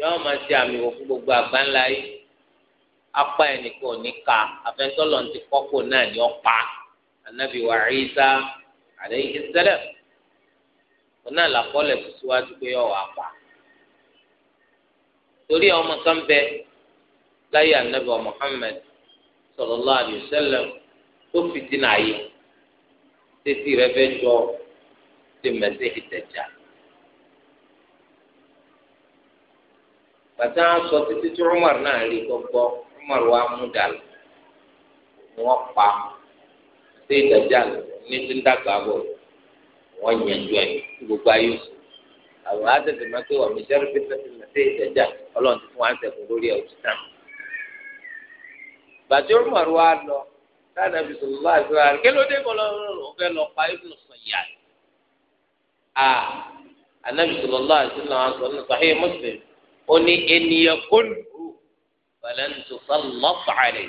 Speaker 1: yọ́ọ́ máa ṣe àmì wò fún gbogbo àgbáńlá yìí apá ẹnìkan ò ní ka àfẹ́ńtọ́lọ́ ti kọ́kọ́ náà ni ó pa ànábì wa alayhi salam wọn náà làkọọlẹ síwájú pé ọwọ apá torí ọmọ kan bẹ láyé anabi muhammed sallallahu alayhi wa sallam tó sọ títí tí Umar náà rí Umar wa ní ti ń dàgbà bọ̀ wọ́n yànjú ẹ̀ kí gbogbo ayé o àwọn àtẹ̀tẹ̀ máa pé wà mí sẹ́rù fi fẹ́ fẹ́ fẹ́ ìjẹ́jà ọlọ́run ti fún wa ń sẹ̀kùn lórí ẹ̀ òtítà. bàtí ó mọ̀ wá lọ sáàdà fi sọ̀rọ̀ bá àti rárá kí ló dé kọ́ lọ́rùn fẹ́ lọ pa ibùn sọ̀yà. a anabi sọ̀rọ̀ lọ́wọ́ àti sọ̀rọ̀ sọ̀rọ̀ ní sahih muslim ó ní ènìyàn kó lù fẹ̀lẹ́ ní rẹ̀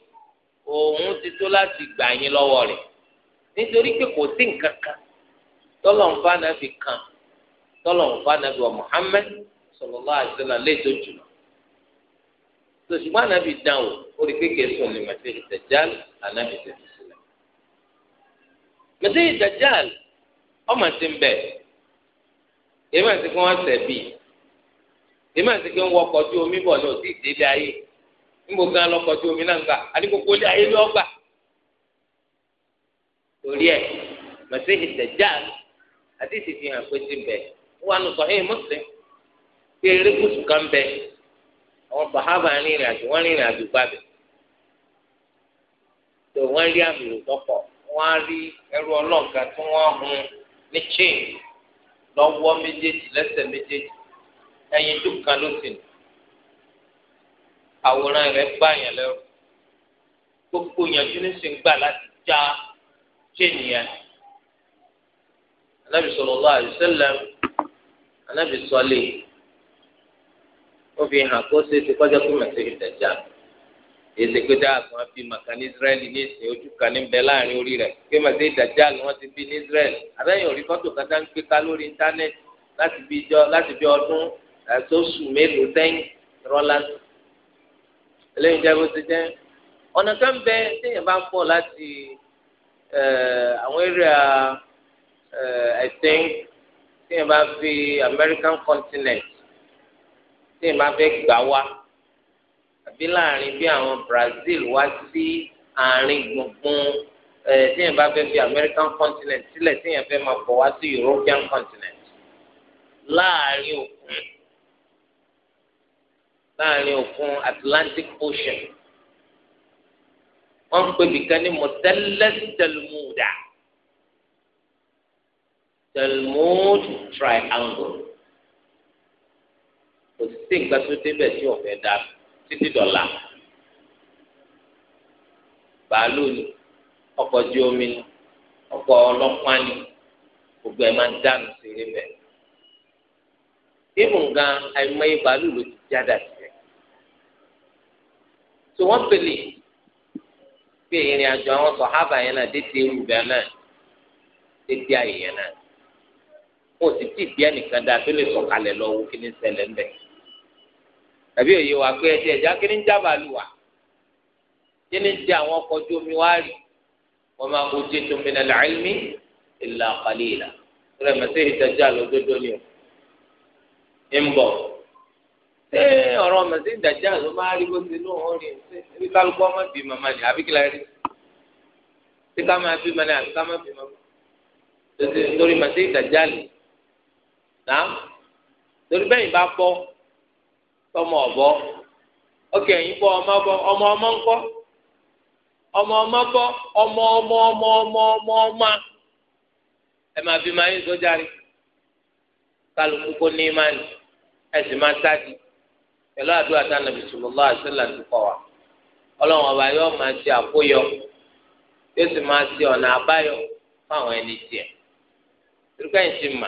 Speaker 1: òun ti tó láti gbà yín lọ́wọ́ rẹ̀ nítorí pé kò sí nǹkan kan tọ́lọ̀nfà náà fi kan tọ́lọ̀nfà náà fi wà Muhammad sallallahu alaihi wasallam lè tó jùlọ. sòṣùgbọ́n ànábì dán o ó rí kékeré sùn ní mẹ́tẹ́rì dàjáàlì ànábì tẹ̀sí sílẹ̀. mẹ́tẹ́rì dàjáàlì ọmọ ti ń bẹ̀ èmi àti kí wọ́n sẹ̀ bíi èmi àti kí wọ́n wọkọ̀ ojú omi bọ̀ ní òsì ìdílé ayé. níbo gan lọkọ̀ tí omi náà ń gbà àdìgbòkò lé ayé lọ́ọ́ gbà. torí ẹ Masihi Dajjal àti ìsìnkú hàn pé ti bẹ̀ erékùsù kan bẹ àwọn sàhábà rìnrìn àjò wọ́n rìnrìn àjò gbàbẹ̀ tó wọ́n rí àmì wọ́n rí ẹrú ọlọ́ọ̀gá tí wọ́n hun ní chain lọ́wọ́ méjèèjì méjèèjì àwòrán rẹ̀ gbà yẹn lẹ́rù gbogbo yẹn tí ní sìn gbà láti já chain yẹn anabi sallallahu alaihi wasallam anabi sọlẹ wọn fi hàn kó ṣe ti kọjá kó mẹsẹ ìdájà èsì pé dáàbò wọn fi màkà ní israẹli ní ìsìn ojú kan ní bẹ láàrin orí rẹ̀ pé mẹsẹ ìdájà ni wọn ti bí ní israẹli abẹ́yẹn orí fọ́tò kátà ń gbé ká lórí íńtánẹ́ẹ̀tì láti bí ọdún àti oṣù mélòó sẹ́yìn rọ́lá sí eléyìí jẹ́ bó ti jẹ́ ọ̀nà kan bẹ téèyàn bá ń bọ̀ láti àwọn eré ẹ̀sìn téèyàn bá fi American continent téèyàn bá fẹ́ gbà wá àbí láàrin bí àwọn Brazil wá sí àárín gbùngbùn téèyàn bá fẹ́ fi American continent sílẹ̀ téèyàn fẹ́ máa bọ̀ wá sí European continent láàrin òkun láàrin òkun Atlantic Ocean wọ́n ń pè bìkan ní mọtẹlẹs Talmuda Talmud triangle kò sí nǹkan tó débẹ̀ tí ọ̀fẹ́ dá títí dọ̀là bàálù ni ọkọ̀ ojú omi ni ọkọ̀ ọlọ́pàá ni gbogbo ẹ̀ máa ń dànù sí eré bẹ́ẹ̀. ibùn àìmọye bàálù ló ti jáde àti tí wọ́n pèlè pé ìrìn àjò àwọn sọ̀hábà yẹn náà dédé rúbẹ̀ náà dédé àyè yẹn náà ó sì tí ìbí ẹnìkan dáa tó lè sọ̀kalẹ̀ lọ wo kí ni ṣẹlẹ̀ ń bẹ̀. tàbí òye wa pé ẹsẹ̀ ẹ̀já kí ń jábàá lù wá kí ni jẹ àwọn ọkọ̀ ojú omi wá rì wọ́n máa kó jẹ́ tó min al-ilmi illa qalila rẹ̀ mẹ́sẹ̀ ìtajà lódodo ni ó ń bọ̀ ṣé ọ̀rọ̀ mẹ̀sí ìdájà ló máa rí bó ti ló ń rìn ṣé ibi kálukú ọmọ bíi màmá ni àbí kí la rí ṣé ká máa bí màmá ni àbí ká máa bí màmá tètè torí mẹ̀sí ìdájà lè nà torí bẹ́yìn bá bọ́ tọmọ ọ̀bọ ọkẹ yìí bọ́ ọmọ bọ́ ọmọ ọmọ ń kọ́ ọmọ ọmọ bọ́ ọmọ ọmọ ọmọ ọmọ ọmọ ọmọ ẹ máa bí màmá yín sójà rí kálukú kó ní ìmánì ẹ sì máa sáàdì. pẹ̀lú àdúrà tá nàbì sallallahu alaihi wasallam ti kọ́ wa ọlọ́run ọba yóò máa ṣe àkóyọ yóò sì máa ṣe ọ̀nà àbáyọ fún àwọn ẹni tiẹ̀ ti mà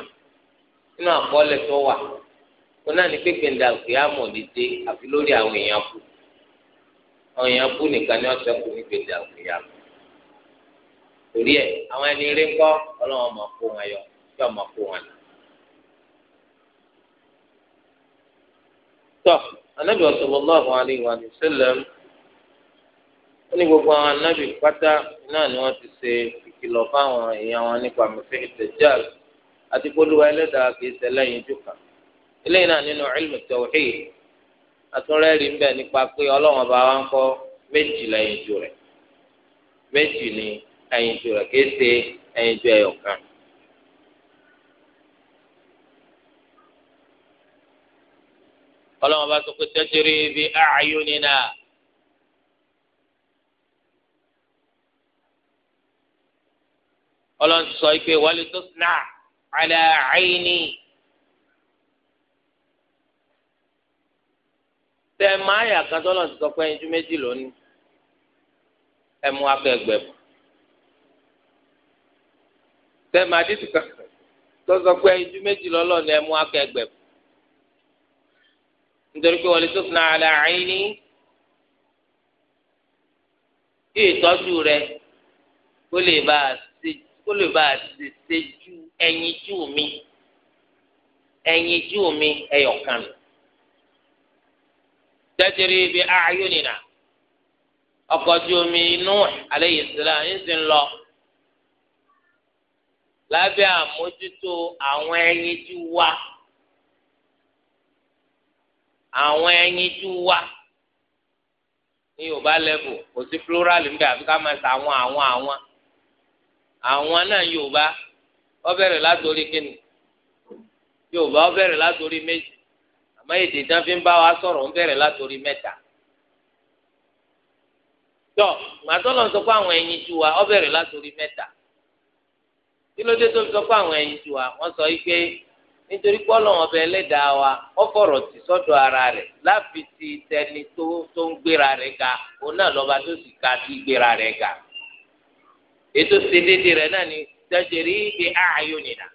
Speaker 1: nínú àkọọ́lẹ̀ tó wà kó náà ní pépè ń da lédè àfi lórí àwọn èèyàn kù àwọn èèyàn kù nìkan ni wọ́n ń da torí tọ́ anábì sallallahu alayhi wa sallam ó ní gbogbo àwọn anábì pátá náà ni wọ́n ti ṣe ìkìlọ̀ fáwọn èèyàn wọn nípa Masiih Dajjal àti polówó ẹlẹ́dàá kì í ṣẹlẹ́yìn ojú kan eléyìí náà nínú ilmu tawhid àtúnrẹ́rì ń bẹ nípa pé ọlọ́wọ́n bá wa ń kọ́ méjì lẹ́yìn ju rẹ̀ méjì ni ẹ̀yìn ju rẹ̀ kì í ṣe ẹ̀yìn kan. ọlọ́wọ́n bá sọ pé tajri bi a'yunina. ọlọ́run sọ pé wálé tó nà ala ayni. tẹ máa yà kan tọ́lọ̀ sọ pé ẹyin ju méjì lónìí ẹ mú akẹgbẹ́ bọ̀. tẹ máa dídì kan tó sọ pé ẹyin ju méjì lọ́lọ́ ni ẹ mú akẹgbẹ́ bọ̀ nítorí pé wọlé tó fún àlà àyín ní kí ìtọ́jú rẹ kó lè bá a ṣe kó lè bá a ṣe ṣe ju ẹyin jù mí ẹyin jù mí ẹyọkan mi tẹ́tẹ́rì ààyò nìyà ọkọ̀ omi Nuh alayhi salam ń sin lọ lábẹ́ àmójútó àwọn ẹyin jù wá. àwọn ẹyinjú wà ní yorùbá level kò sí plural ń bẹ àfi ká máa sa àwọn àwọn àwọn náà yorùbá ọ bẹ̀rẹ̀ látòrí kíni yorùbá ọ bẹ̀rẹ̀ látòrí méjì àmọ́ èdè tán fi ń bá wa sọ̀rọ̀ ọ bẹ̀rẹ̀ látòrí mẹ́ta sọ pé àwọn wà bẹ̀rẹ̀ látòrí mẹ́ta kí ló dé sọ pé nítorí pọ́lọ́ ọbẹ̀ ẹlẹ́dàá wa ó fọ̀rọ̀ tì sọ́dọ̀ ara rẹ̀ láfi ti tẹni tó tó ń gbéra rẹ̀ ga òun náà lọ́ba tó sì ka ti gbéra rẹ̀ ga ètò ṣedéédé rẹ̀ náà ni tajiri bi a'yunina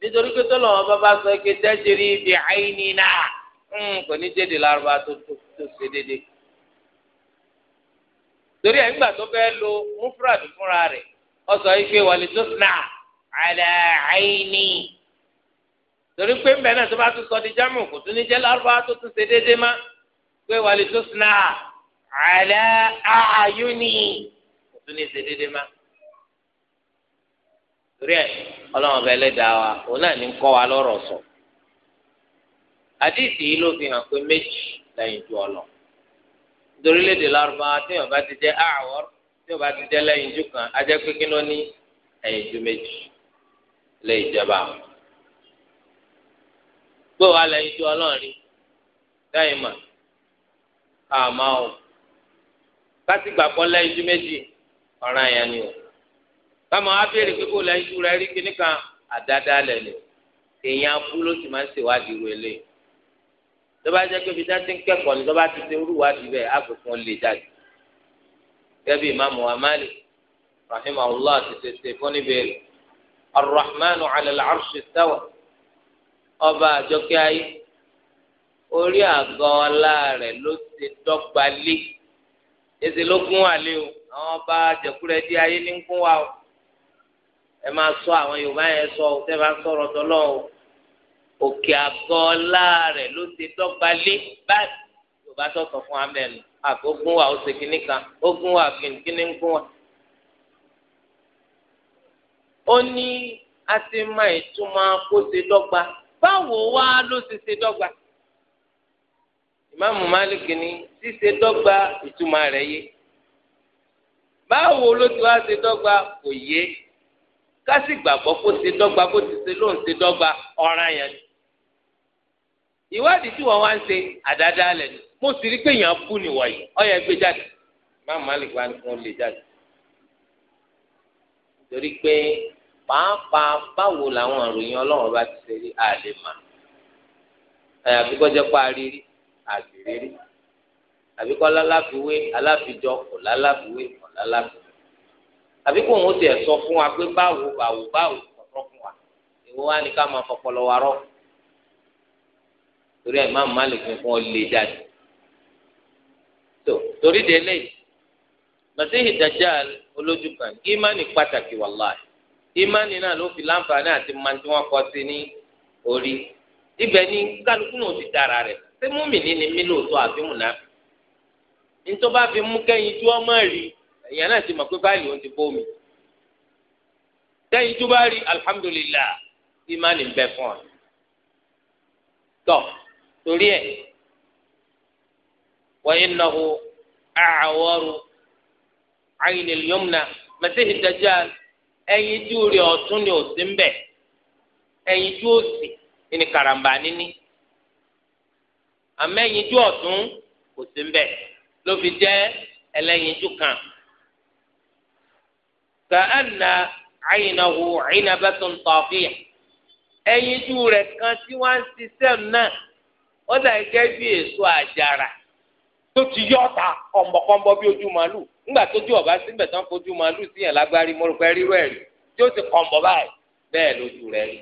Speaker 1: nítorí pé tọ́lọ̀ bá bá sọ pé tajiri bi aynina hmm, kò ní lárúbá tó torí ẹ̀ tó fẹ́ lo fúnra rẹ̀ ọ sọ pé torí pé mbẹ náà tó bá tún sọ di jámù kò tún ní jẹ lárúbá tó tún ṣe déédéé má pé wàlẹ tó sinà àlẹ àyùní kò tún ní ṣe déédéé má. torí ẹ ọlọ́run ọba ẹlẹ́dàá wa òun náà ní kọ́ wa lọ́rọ̀ sọ. àdìsí yìí ló fi hàn pé méjì lẹ́yìn ju ọlọ. nítorí léde lárúbá tí yóò bá ti jẹ àwọ̀ tí yóò bá ti jẹ lẹ́yìn ju kan ajẹ́ pé gbé wa lẹ́yìn ju ọlọ́run rí dáhìn mà àmọ́ o kásìgbà kan lẹ́yìn ju méjì ọ̀ràn yẹn ni o káma wá béèrè pé kó lẹ́yìn ju rẹ rí kíní kan àdáda lẹ̀ ni èèyàn abú ló sì máa ń ṣèwádìí wẹ̀lẹ̀ tó bá jẹ́ pé ibi tí wọ́n ti ń kẹ́kọ̀ọ́ ni tó bá ti ṣe irúwádìí bẹ́ẹ̀ àgùntàn lè jáde gẹ́gẹ́ ìmáàmù amálì rahimahullah ti ṣe ṣe fún níbẹ̀rẹ̀ arrahmanu alal arshi stawa ọba àjọkẹ́ ayé orí àgọ́ ọlá rẹ̀ ló ti dọ́gba lé èsì ló gún wa lé o àwọn ọba àjẹkúrẹ́ dí ayé ní gún wa o ẹ máa sọ àwọn yorùbá yẹn sọ o tẹ́ bá ń sọ̀rọ̀ tọ́lọ́ o òkè àgọ́ ọlá rẹ̀ ló ti dọ́gba lé báyìí yorùbá tó sọ fún amẹ́nu àbí gún wa ó ṣe kínní kan ó gún wa kínní ń gún wa. ó ní a ti máa ìtumọ̀ kó ṣe dọ́gba báwo wá ló ṣe ṣe dọ́gba ìmáàmù Malik ni ṣíṣe dọ́gba ìtumọ̀ rẹ̀ yé báwo ló ti wá ṣe dọ́gba kò yé kásì gbàgbọ́ kó ṣe dọ́gba kó ti ṣe lóun ṣe dọ́gba ọ̀ràn yẹn ni ìwádìí tí wọ́n wá ń ṣe àdáadáa lẹ̀ ni mo sì rí pé èèyàn kú nìwọ̀ yìí ọ̀yà gbé jáde ìmáàmù Malik wá ní kí wọ́n lè jáde torí pé pàápàá báwo làwọn àròyìn ọlọ́run bá ti ṣe rí àlè mà àyàfi kọjá parí rí àgbèrè rí àbí kọ́ lálàfiwé aláfijọ́ kò lálàfiwé kò lálàfiwé àbí kò wọ́n tiẹ̀ sọ fún wa pé báwo báwo báwo kọ̀ọ̀kan fún wa ìwọ wa ni ká máa fọpọlọ wa rọ torí ẹ̀ má má lè fún fún ọ lè jáde tó torí délé Masihi Dajjal olójú kan kí má ní pàtàkì wàláhì ìmánì náà ló fi láǹfààní àti máa tí wọ́n kọ́ sí ní orí ibẹ̀ ni kálukú náà ti dára rẹ̀ ṣé múmìnì ni mí lóòótọ́ àbí mùnáfi nítorí bá fi mú kẹ́yìn tí wọ́n mọ̀ rí èèyàn náà ti mọ̀ pé báyìí òun ti bómi kẹ́yìn tí wọ́n bá rí alihamudulilayi ìmánì bẹ fún ọ tọ́ torí ẹ̀ wa innahu a'waru 'ayni al-yumna masihi ẹyin tí orí ọ̀tún ni òsì ń ẹyin òsì ni karamba níní àmọ́ ẹyin tí ọ̀tún kò sí ló fi jẹ́ ẹlẹ́yin tí kan. kàánà àyìnàwó àyìnàbẹ́tún tọ́fíà ẹyin tí rẹ̀ kan tí wọ́n ń ṣiṣẹ́ náà ó tó ti yọ ọ̀tà kọ̀m̀bọ̀kọ̀m̀bọ̀ bí ojú màálù nígbà tójú ọ̀bá síbẹ̀ tán fojú màálù sí yẹn lágbárí mo rò pé rírọ̀ ẹ̀rí tí ó ti kọ̀m̀bọ̀ báyìí bẹ́ẹ̀ lójú rẹ̀ rí.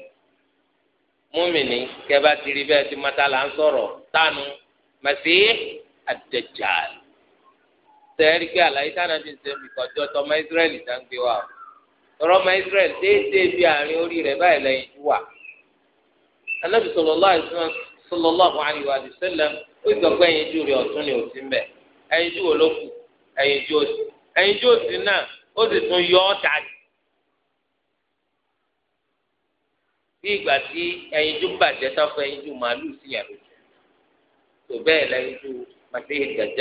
Speaker 1: múmìnì kẹfà ti rí bẹ́ẹ̀ tí mọ́tà là ń sọ̀rọ̀ tánu màsí àdẹ̀jàl. sẹ́ẹ̀rí pé àlàyé táná ti ṣe ìkọjọ́ tọmọ Ísírẹ́lì tá ń gbé wa tọrọ ọmọ Ísírẹ́lì déédéé bí àárín orí rẹ̀ báyìí lẹ́yìn tó wà. anábìsọ̀rọ̀ lọ́ sallallahu alaihi wa sallam ó sọ pé ẹyin ju rẹ ọ̀tún ni òsì bẹ ẹyin ju olókù ẹyin ju òsì ẹyin ju òsì náà ó sì tún yọ ọ́ tàdí. bí ìgbà tí ẹyin ju bàjẹ́ tán ẹyin ju màálù sí yàrá òjò tó bẹ́ẹ̀ lẹ́yin jù màtíhì inna ti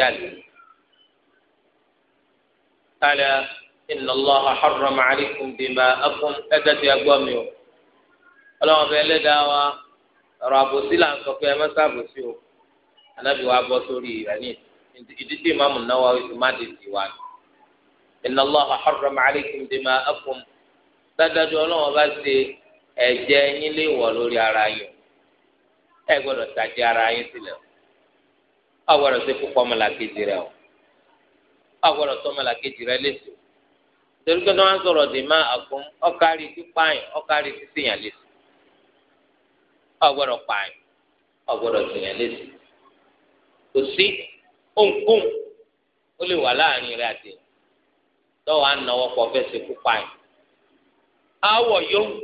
Speaker 1: ọrọ àbòsí là ń sọ pé ẹ má ṣàbòsí o anábì wa bọ́ sórí rẹ̀ ìdí tí ìmáàmù Nawawi fi má dìtì wa ni. inna Allaha harrama alaykum dima'akum dájú bá ṣe ẹ̀jẹ̀ yín lè wọ̀ lórí ara yín ẹ gbọ́dọ̀ tàjẹ́ ara yín sílẹ̀ o gbọ́dọ̀ ṣe púpọ̀ rẹ o gbọ́dọ̀ tọ́ rẹ lẹ́sìn torí pé wọ́n á sọ̀rọ̀ àkún ọgbọ́dọ̀ pààyàn ọgbọ́dọ̀ tìyàn lẹ́sì kò sí ohunkóhun ó lè wà láàrin rẹ àti tọwọ ànáwọ pọ fẹsẹ kú pààyàn àwọ yòówù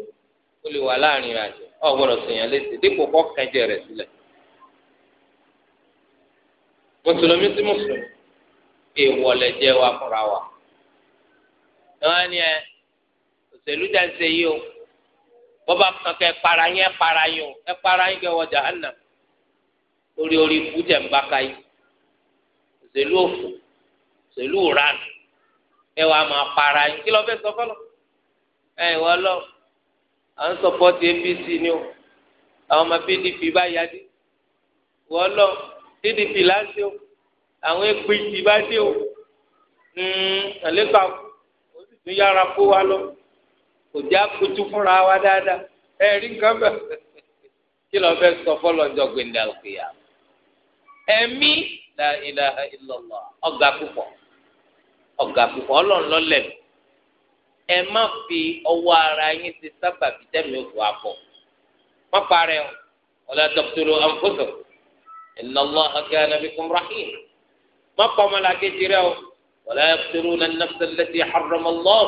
Speaker 1: ó lè wà láàrin rẹ àti ọgbọ́dọ̀ tìyàn lẹ́sì dípò kọ kẹjẹ rẹ sílẹ̀
Speaker 2: mùsùlùmí sí mùsùlùmí
Speaker 1: èèwọlẹ jẹ wa fúnra wa ẹ wá ní ẹ òṣèlú jáde yìí o bọ́ba kankan ẹ para yín ẹ para yín o ẹ para yín kẹ wọ jahannam orí orí ikú jẹ ń bá ka yín òṣèlú òfò òṣèlú ran ẹ wàá máa para yín kí lọ fẹ́ sọ fọlọ ẹ ìwọ lọ à ń sọpọ́tì APC ni o àwọn ọmọ PDP bá yadé ìwọ lọ PDP láti o àwọn APC bá dé o hmm, àlékà kú o sì tún yára kó wa lọ kò jẹ́ akutu fúnra wa dáadáa ẹ rí nǹkan bẹ̀ kí lọ́ọ́ fẹ́ sọ fọlọ́jọ́ gbẹ̀ndẹ̀ àlùkìyà ẹ̀mí la ilaha illallah ọ̀gá púpọ̀ ọ̀gá púpọ̀ ọlọ́run lọ́lẹ̀ ẹ má fi ọwọ́ ara yín ti sábà fi tẹ́mi òkú àpọ̀ má parẹ́ o wala taqtulu anfusakum inna Allaha kana bikum rahim má pa ọmọlàkejì rẹ o wala yaqtuluna an-nafsa allati harrama Allah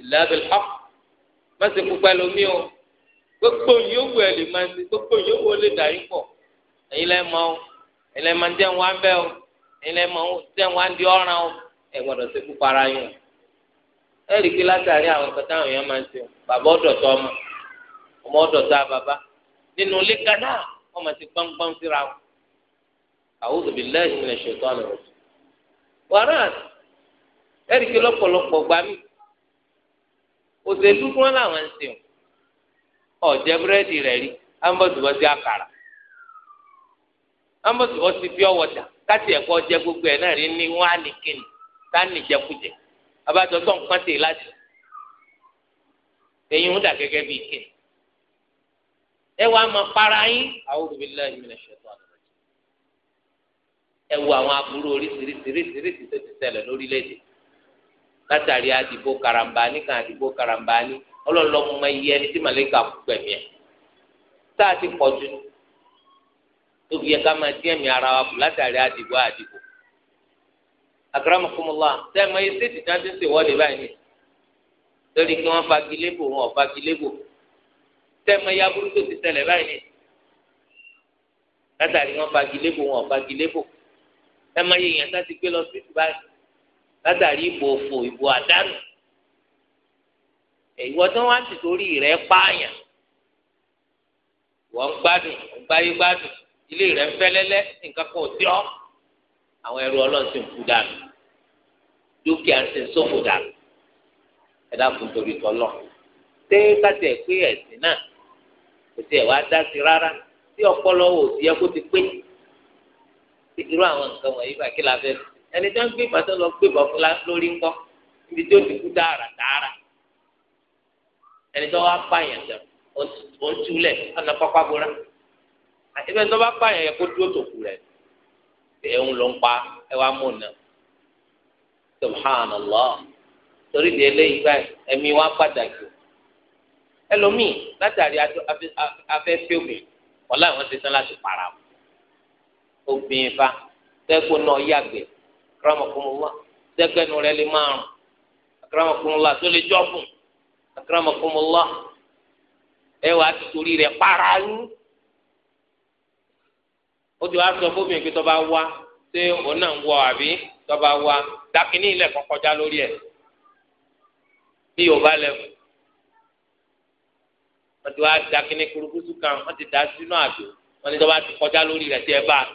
Speaker 1: illa bil haqq wọ́n sì kú pẹ̀lú mi o gbogbo yòówù ẹ̀ lè máa ń ṣe gbogbo yòówù ó lè dà yín pọ̀ ẹ̀yin lẹ́ mọ́ o ẹ̀yin lẹ́ máa ń jẹ́ wọn á bẹ́ o ẹ̀yin lẹ́ máa ń jẹ́ wọn á di ọ̀ràn o ẹ̀ gbọ́dọ̀ sí kú para yín o ẹ̀ rí i pé látàrí àwọn kan táwọn èèyàn máa ń ṣe o bàbá ọ̀dọ̀ tó ọmọ ọmọ ọ̀dọ̀ tó bàbá nínú ilé kaná wọ́n òṣèlú kúrọ́ làwọn ń sìn ọ̀jẹ̀ búrẹ́dì rẹ̀ rí ambọ̀sibọ́sí àkàrà ambọ̀sibọ́sí pure water káti ẹ̀kọ́ jẹ gbogbo ẹ̀ náà rí ní wọ́n á ní kíni tá ní jẹkújẹ abájọ tó ń pọ́n tè láti èyí ń dà gẹ́gẹ́ bíi kíni ẹ wàá máa para yín a'udhu billahi minash shaitani rajim ẹ wo àwọn aburú oríṣiríṣiríṣiríṣi tó ti ṣẹlẹ̀ lórílẹ̀‐èdè látàrí àdìbò karambani kan àdìbò karambani ọlọ́lọ́mú ma yí ẹni tí màlẹ́kà gbẹ̀mí ẹ̀ tá a ti pọ̀jù tóbi yẹ ká máa dín ẹ̀mí ara wa kù látàrí àdìbò àdìbò. akramakumullah sẹ́ẹ̀mọ yìí ṣètì náà ti ń ṣèwọ́de báyìí ni lórí kí wọ́n fagilébò wọn ò fagilébò sẹ́ẹ̀mọ yìí aburú tó ti ṣẹlẹ̀ báyìí látàrí wọn fagilébò wọn ò fagilébò ẹ̀mọ yìí yẹn tá ti gbé lọ sí ìtúbáyìí látàrí ìbò òfò ìbò àdánù ìwọ tí wọn ti torí rẹ pààyàn wọn gbádùn gbáyé gbádùn ilé rẹ fẹlẹlẹ nǹkan kan ò tí ọ àwọn ẹrú Ọlọ́run ti ń kú dànù dúkìá ti ń ṣòfò dànù ẹ̀dá kun torí tọlọ ṣé kájẹ pé ẹ̀sìn náà kò tiẹ̀ wá dá sí rárá tí ọpọlọ wò ó kó ti pé irú àwọn nǹkan wọ̀nyí bá kí la fẹ́ fi ẹni tó ń gbé ìbọn tó lọ gbé ìbọn fún lórí ńkọ́ ibi tó ti kú dára dára ẹni tó wá pààyàn jẹ ó ń túlẹ̀ ọ̀nà pápá bora ibẹ̀ tó bá pààyàn yẹ kó dúró tòkù rẹ̀ ẹ̀hún ló ń pa ẹ wá mú nà subhanallah torí di eléyìí báyìí ẹ̀mí wá pàtàkì ẹlòmíì látàrí afẹ́fẹ́ obìnrin wọ́n láwọn ti tán láti para obìnrin fa tẹ́kùn náà yàgbẹ́ akramakumullah dẹgbẹnu rẹ lè máa rùn akramakumullah tó lè jọfún akramakumullah ẹ wàá ti torí rẹ para yín ó ti wá sọ fóbi pé tọba wá ṣé òun náà ń wọ àbí tọba wá dákínní ilẹ̀ kan kọjá lórí ẹ̀ bí yóò bá lẹ́kùn wọ́n ti wá dákínní kurukutu kan wọ́n ti dá sínú àdó wọ́n ní tọba ti kọjá lórí rẹ̀ tí ẹ bá a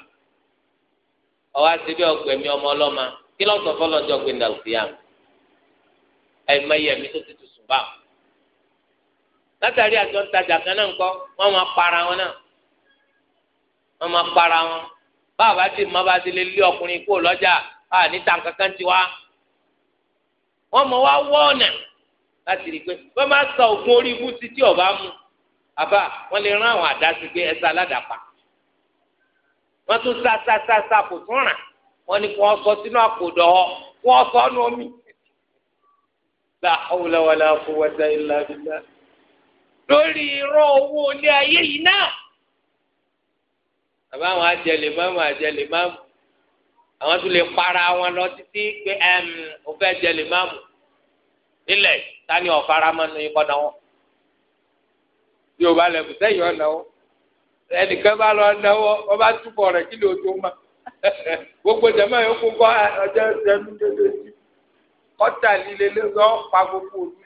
Speaker 1: ọwọ àti bí ọgbẹmí ọmọ ọlọmọ kí ló ń sọ fọlọ ọjọ́ gbẹndà òkèèyàn ẹmọ iyẹmí tó ti tùsùn bá wọn. látàrí àjọ ntajà kan náà ńkọ́ wọn máa para wọn náà wọn máa para wọn báwa ti má bá ti lè lé ọkùnrin kó lọ́jà a níta kankan ti wá wọn mọ wá wọ ọ̀nà láti rí i pé wọn máa sọ ògùn orí ibú títí ọba mu àbá wọn lè rán àwọn àdá sí pé ẹsẹ aládàá pa wọ́n tún sá sá sá sá kò tún rà wọ́n ní kò sọ sínú àkòdọ̀ kò sọ nù omi. la hawla wala quwwata illa billah lórí irọ́ owó ilé ayé yìí náà. àbá àwọn àjẹlè máàmù àjẹlè máàmù àwọn tún lè para wọn lọ títí pé ó fẹ́ jẹlè máàmù nílẹ̀ tani ọ̀faramọ́nu yìí kọ́ náà wọ́n. yorùbá lẹ́bùsẹ̀ yìí náà wọ́n ẹnìkan bá lọ náwó ọba túbọ̀ rẹ̀ kí ló tó ma gbogbo jẹ̀mọ́ yóò kó kọ́ ọjọ́ ìjẹun lélẹ̀ sí kọ́tà líle lọ́wọ́ pa gbogbo olú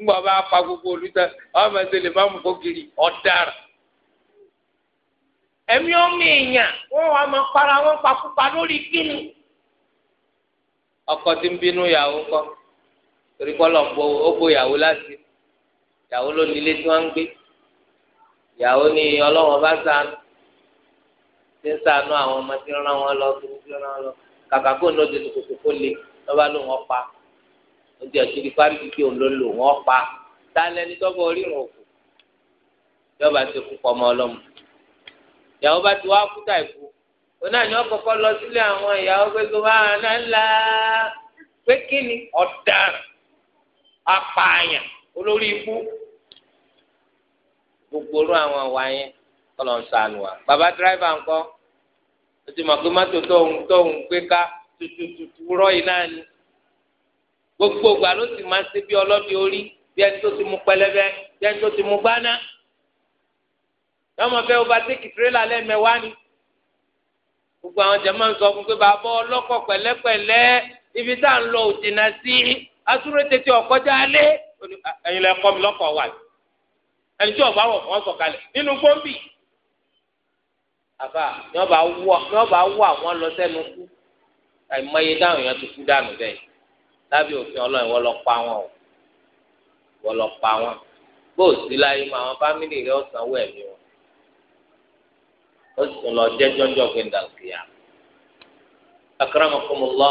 Speaker 1: ńgbà bá pa gbogbo olú tẹ ọmọ ẹsẹ lè má mú kó kiri ọ̀daràn. ẹ̀mí ọmọ èèyàn wọ́n wà máa para wọn pakúpa lórí kíni. ọkọ tí ń bínú ìyàwó kọ torí kọ́ lọ́n bọ́ ó bó ìyàwó láti ìyàwó ló nílé tí wọ́n ń gbé ìyàwó ní ọlọ́wọ́n bá sànù tí ń sànù àwọn ọmọ tí ń rán wọn lọ tí ń rán wọn lọ kàkà kó ní ojú kòkò kó le lọ́ba ló wọ́n pa ojú ẹ̀sùn ní fáńtì kí òun ló lò wọ́n pa tá a lẹni tọ́gbọ́ orírun òkú yọba ti kú pọ̀ mọ́ ọlọ́mù ìyàwó bá ti wá kú tà ìkú oní àyàn kọ́kọ́ lọ sílé àwọn ìyàwó gbégbé wa ńláńlá pé kí ni ọ̀daràn apààyàn olórí ikú gbogbo orú àwọn àwa yẹn kọlọ ń sànù wa bàbá dírẹ́fà ńkọ́ o ti mọ̀ pé mọ́tò tóun tóun gbé ká tututu rọ́ọ̀yì náà ni gbogbo ìgbà ló sì máa ṣe bí ọlọ́bì orí bí ẹni tó ti mú pẹlẹbẹ bí ẹni tó ti mú gbáná yọmọ fẹ́ overtake tirẹ́là lẹ́mẹ̀wá ni gbogbo àwọn jẹ́ máa ń sọ fún pé bàbá ọlọ́kọ̀ pẹ̀lẹ́pẹ̀lẹ́ ibi tá à ń lọ òjìnà sí atúrò tètè ọ̀kọ́jà alẹ́ ẹ̀yin lẹ́kọ́ mi lọ́kọ̀ wà ní ẹni tí ọba wọ̀ wọ́n sọ̀kalẹ̀ nínú gbòǹbì àbá ni ọba wọ àwọn lọ sẹ́nu kú àìmọye dáhùn yẹn ti kú dànù bẹ́ẹ̀ lábẹ́ òfin ọlọ́run wọ́n lọ pa wọn o wọ́n lọ pa wọn bóò sí láyé mọ àwọn fámìlì rẹ̀ ọ̀sánwó ẹ̀mí wọn
Speaker 2: ó sì tún lọ jẹ́ jọ́jọ́
Speaker 1: gbẹ̀ndàkìyà akaramakomọlọ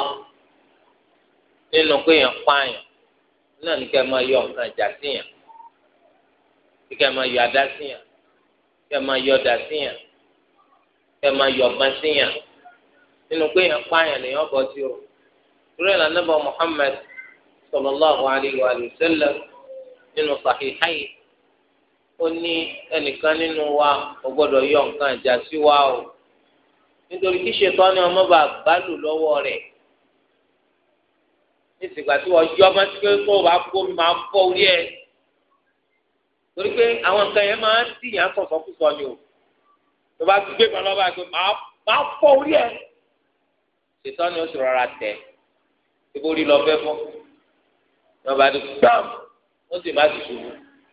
Speaker 1: nínú pé pààyàn náà ní máa yọ nǹkan jà síyàn kí ká máa yọ adá síyàn kí ká máa yọ ọdà síyàn kí ká máa yọ ọgbọ́n nínú pé lèyàn bọ́ sí o torí ẹ̀ lànà bọ́ sallallahu alayhi wa sallam nínú Sahihayi ó ní ẹnìkan nínú wa ò gbọ́dọ̀ yọ nǹkan ìjà sí wa o nítorí kí ṣetán ni ọmọ bá gbálù lọ́wọ́ rẹ̀ ní tí wọ́n yọ ọmọ sí pé kó o bá kó máa torí pé àwọn nǹkan yẹn máa ń tìyàn sọ̀sọ̀ púpọ̀ ni o tó bá gbé kan lọ́ba pé máa fọ́ orí ẹ̀ ṣètò ni ó sì rọra tẹ̀ ibo rí lọ fẹ́ fọ́ lọ́ba tó gbàm ó sì má sì ṣubú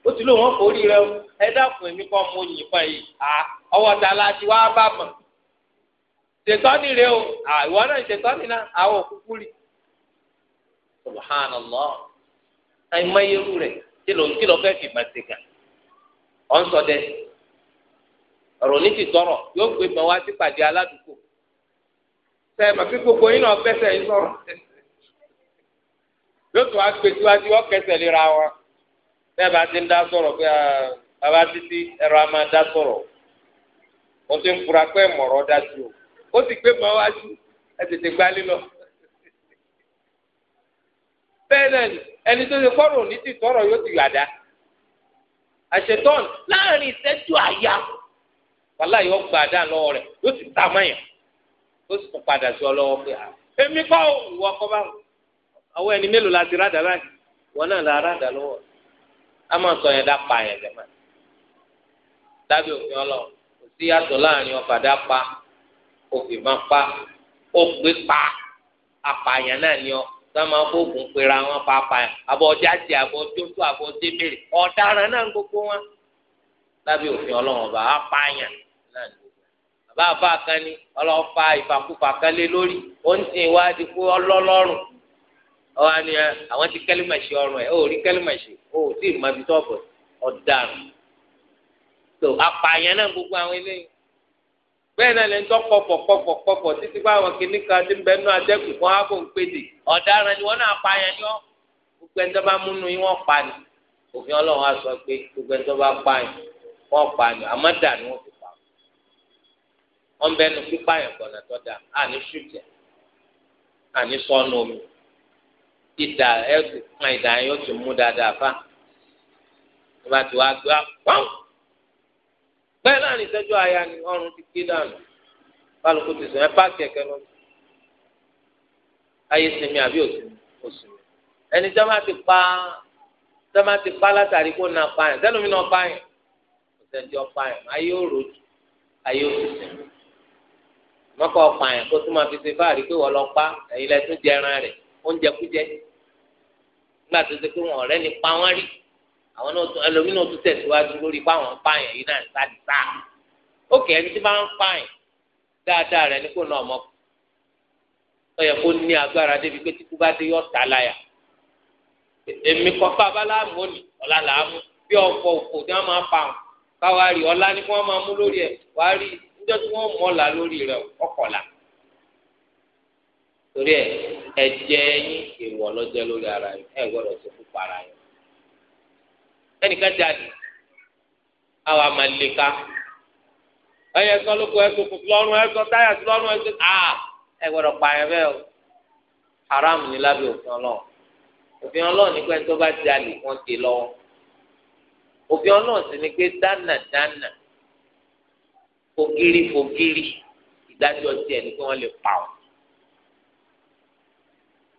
Speaker 1: ó ti lóun ọkọ̀ orí rẹ ẹ dákun èmi kan mo yìn fún yìí ọwọ́ ta la ti wá bá mọ̀ ṣètò ni rẹ o ìwọ náà ṣètò ni náà àwọn òkúkú rì subhanallah àìmọye irú rẹ kí ló ń kí ló fẹ́ fi máa ṣe kàn ọ̀nsọ̀dẹ ọ̀rọ̀ ní ti tọrọ yóò gbé bọ̀ wá sí pàdé aládùúgbò sẹ ẹ màfi gbogbo yín náà fẹsẹ̀ yín sọ̀rọ̀ yóò tún wá gbé síwájú wọ́n kẹsẹ̀ lera wọn bẹ́ẹ̀ bá ti ń dá sọ̀rọ̀ pé ah, bàbá títí ẹ̀rọ a máa dá sọ̀rọ̀ mo ti ń fura pé mọ̀rọ̀ dá sí o ó sì gbé bọ̀ wá sí ẹ tètè gbálé lọ bẹ́ẹ̀ náà ẹni tó ṣe kọ́rọ̀ ní ti tọrọ yóò ti yàdá àṣetọ́n láàrin ìṣẹ́jú àyà wàhálà yóò gbà dá lọ́wọ́ rẹ̀ yóò sì ta mọ́yàn yóò sì tún padà sí ọ lọ́wọ́ pé à ah, èmi kọ́ ìwọ kọ́ bá àwọn ẹni mélòó la ti rádà láàyè wọn náà la rádà lọ́wọ́ a máa sọ yẹn dá pa yẹn lẹ́ mọ́ lábẹ́ òfin ọlọ́run kò sí yàtọ̀ láàrin ọ̀fà dá pa òfin máa pa ó gbé pa apààyàn náà ni ọ sọ́mọ akóògùn pera wọn pàápàá yẹn àbọ̀ jáde àbọ̀ jótó àbọ̀ débèrè ọ̀daràn náà gbogbo wọn lábẹ́ òfin ọlọ́run ọba apààyàn náà ní gbogbo bàbá àbá kan ní ọlọ́fà ìfàkùfà kan lé lórí ó ń tì wá di pé ọlọ́lọ́rùn ọ̀hún ni àwọn ti kẹ́límẹ̀ṣẹ̀ ọrùn ẹ̀ ó rí kẹ́límẹ̀ṣẹ̀ ó tí ì mọbi tọ́pọ̀ ọ̀daràn tó apààyàn náà gbogbo àwọn eléyìí bẹ́ẹ̀ náà lè ń tọ́ pọ̀pọ̀ pọ̀pọ̀ títí bá àwọn kìnnì kan ti ń bẹ nú adẹ́kùn kan ábò ń pèdè ọ̀daràn ni wọ́n náà pa yẹn ní gbogbo ẹni tó bá múnú yín wọ́n pa ni òfin ọlọ́run á sọ pé gbogbo ẹni tó bá pa yẹn wọ́n pa ni àmọ́ dà ni wọ́n fi pa wọ́n ń bẹ́ẹ̀ láàrin ìṣẹ́jú àyà ni ọrùn ti gbé dànù bálùkù ti sùn ẹ páàkì ẹ̀kẹ́ lọ. ayé sinmi àbí òsì ẹni tí ti pa tí ti pa látàrí kó na pa yẹn sẹ́nu mi náà pa yẹn kò sẹ́ni ọ̀pa yẹn ayé òròjù ayé òsì sinmi mọ́kọ́ ọ̀pa yẹn kó tó máa fi ṣe fáàrí pé wọ́n lọ pa ẹ̀yin lẹ́tún jẹran rẹ̀ oúnjẹ kújẹ nígbà tó ṣe pé wọ́n ọ̀rẹ́ ni pa wọ́n rí àwọn náà ẹlòmínú tún tẹ̀síwájú lórí pé àwọn pààyàn yìí náà ń sáàdì sáà ókè ẹni tí bá ń pààyàn dáadáa rẹ ní kò náà mọ ọ yẹ kó ní agbára débi pé tí kú bá dé yọ ta láyà èmi kọ fún abáláàmú òní ọ̀la làámú bí ọ̀pọ̀ òkò tí wọ́n máa fa àwọn káwa rí ọ̀la ni kí wọ́n máa mú lórí ẹ̀ wá rí níjọ́ tí wọ́n mọ̀ ọ̀la lórí rẹ̀ ọkọ̀la torí ẹ̀ ẹ̀jẹ̀ yín èèwọ̀ lọ́jẹ́ lórí ara yín ẹ̀ gbọ́dọ̀ ṣe fún para yín ẹnìkan jáde àwọn àmàlẹ́ka ẹyẹ sọ lóko ẹsọ kùtù lọ́rùn ẹsọ táyà sí lọ́rùn ẹsọ aa ẹ gbọ́dọ̀ pààyàn bẹ́ẹ̀ o haram ní lábẹ́ òfin Ọlọ́run òfin Ọlọ́run ní pé tó bá jalè wọ́n ti lọ́wọ́ òfin Ọlọ́run sì ní pé dáná dáná fògiri fògiri ìdájọ́ tiẹ̀ ní pé wọ́n lè pa ọ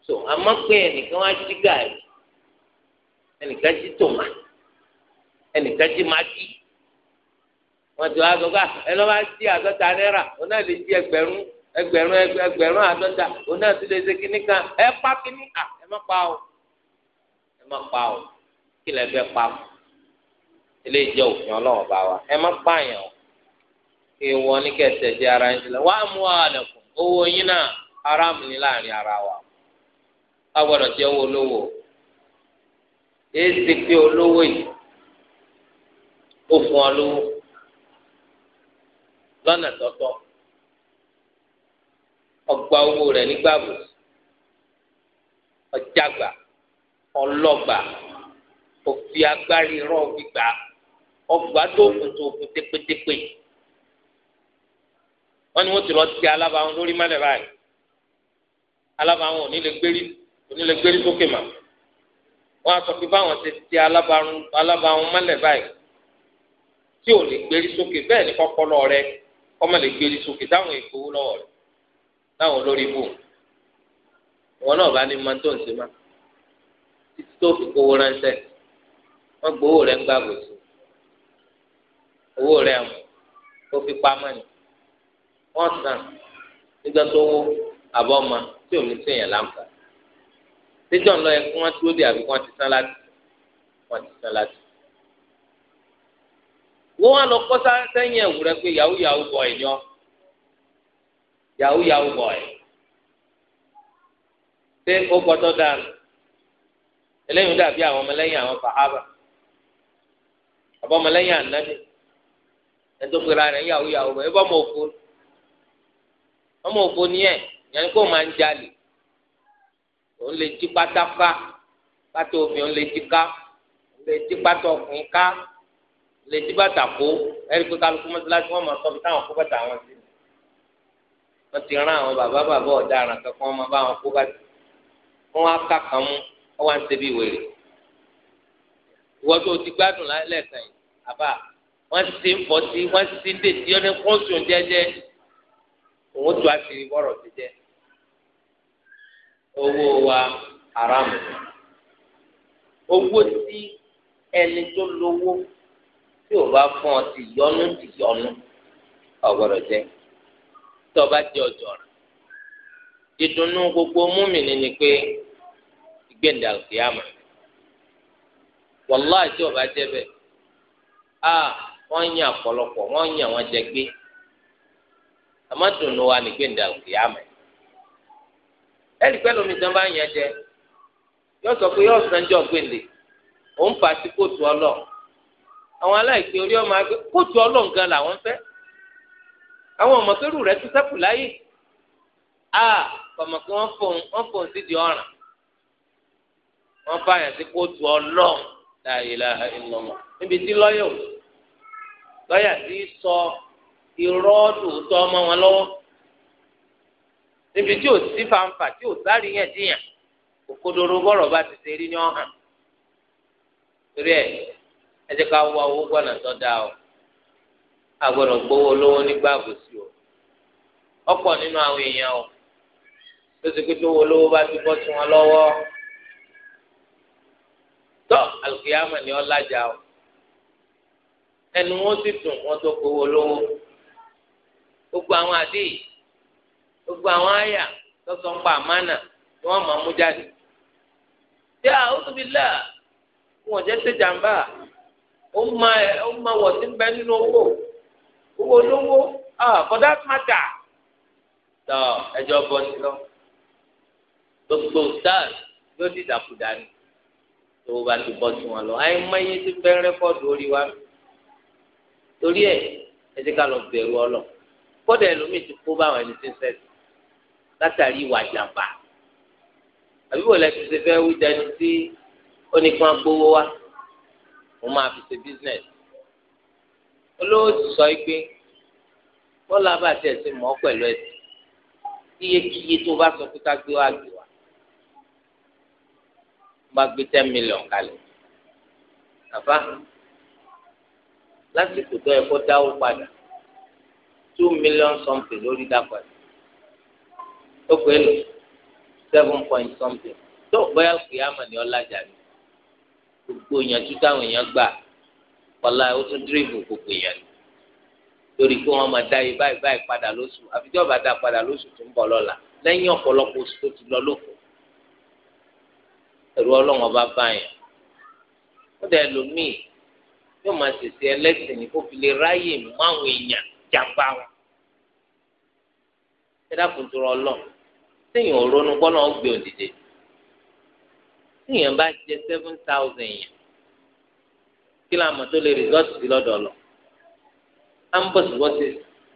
Speaker 1: so àmọ́ pé ẹnìkan wá jí gàrí ẹnìkan jí tòmátì ẹnìkan jí máa jí wọn ti wá sọ pé ah, ẹ lọ́ bá jí àádọ́ta náírà òun náà lè jí ẹgbẹ̀rún ẹgbẹ̀rún ẹgbẹ̀rún àádọ́ta òun náà ti lè ṣe kíní kan ẹ pa kíní à ah, ẹ má pa o ẹ má pa o kí lẹ fẹ́ pa o ilé ìjọ òfin ọlọ́run bá wa ẹ má pààyàn o èèwọ̀ ní kẹsẹ̀ jẹ́ ara ń sílẹ̀ wàá mú àlẹ̀kùn owó yín náà haram ní láàrin ara wa a gbọ́dọ̀ jẹ́ owó olówó èsì pé olówó yìí ó fún ọ lówó lọ́nà tọ́tọ́ ọgbà owó rẹ̀ nígbàgbọ́ ọjàgbà ọlọ́gbà òfin agbárí rọ gbígbà ọgbà tó kùn tó kùn tépétépé wọn ni wọn ti lọ ti alábàáwọn lórí mẹlẹ báyìí alábàáwọn onílé gbérí sókè mà wọn a sọ pé báwọn ti ti alábàáwọn mẹlẹ báyìí tí ò lè gbérí sókè bẹ́ẹ̀ ni kọ́kọ́lọ́ rẹ ọmọ lè gbérí sókè táwọn èkó lọ́wọ́ rẹ táwọn olórí bò wọn náà bá ní máa tó ń ṣe má títí tó fi kówó ránṣẹ́ wọn gbowó rẹ ń gbàgbọ́ sí owó rẹ àwọn tó fi pamọ́ ni wọ́n sàn nígbà tó wó àbọ̀ ọmọ tí ò ní sèèyàn láǹfà síjọ́ ńlọ yẹ kí wọ́n tó dé àbí kí wọ́n ti sán láti wọ́n ti sán láti wọ́n wá lọ kọ́ sẹ́yìn ẹ̀wù rẹ pé yahoo yahoo boy ni ọ́ yahoo yahoo boy ṣé ó gbọ́dọ̀ dànù eléyìí dàbí àwọn ọmọlẹ́yìn àwọn fàhábà àbọ̀ ọmọlẹ́yìn ànábì ẹ̀tọ́ pera rẹ̀ yahoo yahoo boy ẹ bọ́ ọmọ òfo ọmọ òfo ni ẹ̀ yẹn kó máa ń jalè òun lè jí pátáká pátá obìnrin lè jí ká lè jí pátá ọkùnrin ká létí bàtà kó ẹni pé kálukú mọ́sálásí wọn máa sọ bí táwọn kó bàtà wọn sí wọn ti rán àwọn bàbá bàbá ọ̀daràn kankan wọn máa bá wọn kó bàtà wọn á ká kan mú wọn wá ń ṣe bí wèrè ìwọ tó ti gbádùn lẹ́ẹ̀kan yìí àbá wọn ti ń bọ sí wọn ti ń dèjì ọ ní kóńsùn jẹjẹ òun tó a ti wọrọ ti jẹ owó wa haram owó tí ẹni tó lówó. tí o bá fún ọ ti yọnu ti yọnu ọgbọdọ jẹ tí ọba jẹ ọjọ rẹ ìdùnnú gbogbo múmìnì ni pé ìgbéǹda kìámà wàláhì ọba jẹ bẹ a wọn yàn wọn yàn wọn jẹ gbé wa ni ẹnì omi bá yàn jẹ sọ pé òun àwọn aláìsí orí ọmọ agbé kóòtù ọlọ́ǹgan làwọn fẹ́ àwọn ọmọkẹ́rù rẹ̀ tún sẹ́kù láyè a ọmọ kí wọ́n fòun wọ́n fòun sí di ọ̀ràn wọ́n bá yàn sí kóòtù ọlọ́ọ̀n láàyè láàyè lọ́mọ níbi tí lọ́yọ̀ lọ́yà sí sọ irọ́ tòótọ́ ọmọ wọn lọ́wọ́ níbi tí ò sí fanfa tí ò sáré yẹn díyàn òkodoro bọ̀rọ̀ bá ti ṣe rí ní ọ̀hàn ẹ jẹ́ ká wá owó gbọ́nà tó dáa o a gbọ́dọ̀ gbowó lówó nígbà àbòsí o ọ̀pọ̀ nínú àwọn èèyàn o tó ti pé tówó lówó bá ti bọ́ sí wọn lọ́wọ́ tọ́ àlùkìyàmọ̀ ni ọ́ lájà o ẹnu wọn sì dùn wọn tó gbowó lówó gbogbo àwọn àdéhì gbogbo àwọn àyà tọ́sọ̀ ń pa àmánà ni wọ́n máa mú jáde. yá ó tóbi láà wọn ò jẹ́ ṣèjàmbá ó ma ó ma wọ̀ sí bẹ́ẹ̀ nínú owó owó olówó ah for that matter tọ ẹjọ bọ sí lọ gbogbo stars yóò di dàkúdà ni tó bá ti bọ́ sí wọn lọ àyè mẹ́yìn ti fẹ́ rẹ́kọ́dù orí wa torí ẹ̀ ẹ ti ká lọ bẹ̀rù ọ lọ kọ́dà ẹlòmíì ti kó báwọn ẹni tí ń látàrí ìwà ìjàmbá àbí wò lẹ́sìn ti fẹ́ wí dání sí oníkan gbowó wa mo máa fi ṣe business olówó ti sọ pé bọ́lá bá tiẹ̀ ti mọ́ pẹ̀lú ẹ̀sìn iyekíye tó bá sọ pé ká gbé wá gbé wá bá gbé ten million kalẹ̀ àbá lásìkò tó yẹ kó dáwó padà two million something lórí dápadà ó pè é seven point something tó bóyá kìí àmọ̀ ní ọlájà ni gbogbo ìyànjú táwọn èèyàn gbà wàlá ó tún dírìbù gbogbo èèyàn lórí pé wọn máa dá yìí báyìí báyìí padà lóṣù àfi tí wọn bá dá padà lóṣù tó ń bọ̀ lọ́la lẹ́yìn ọ̀pọ̀lọpọ̀ oṣù tó ti lọ lóko ẹ̀rù Ọlọ́run ọba báyìí ó dẹ lómìn yóò máa ṣèṣe ẹlẹ́sìn ní kó fi lè ráyè mú àwọn èèyàn jàmbá wọn ẹ dákun tó rọ Ọlọ́run sẹ́yìn òrónú bọlọ ń gbé òdìdè tíyẹn bá jẹ seven thousand yẹn kí la mọ̀ tó lè rìsọ́ọ̀tì sí lọ́dọ̀ lọ à ń bọ̀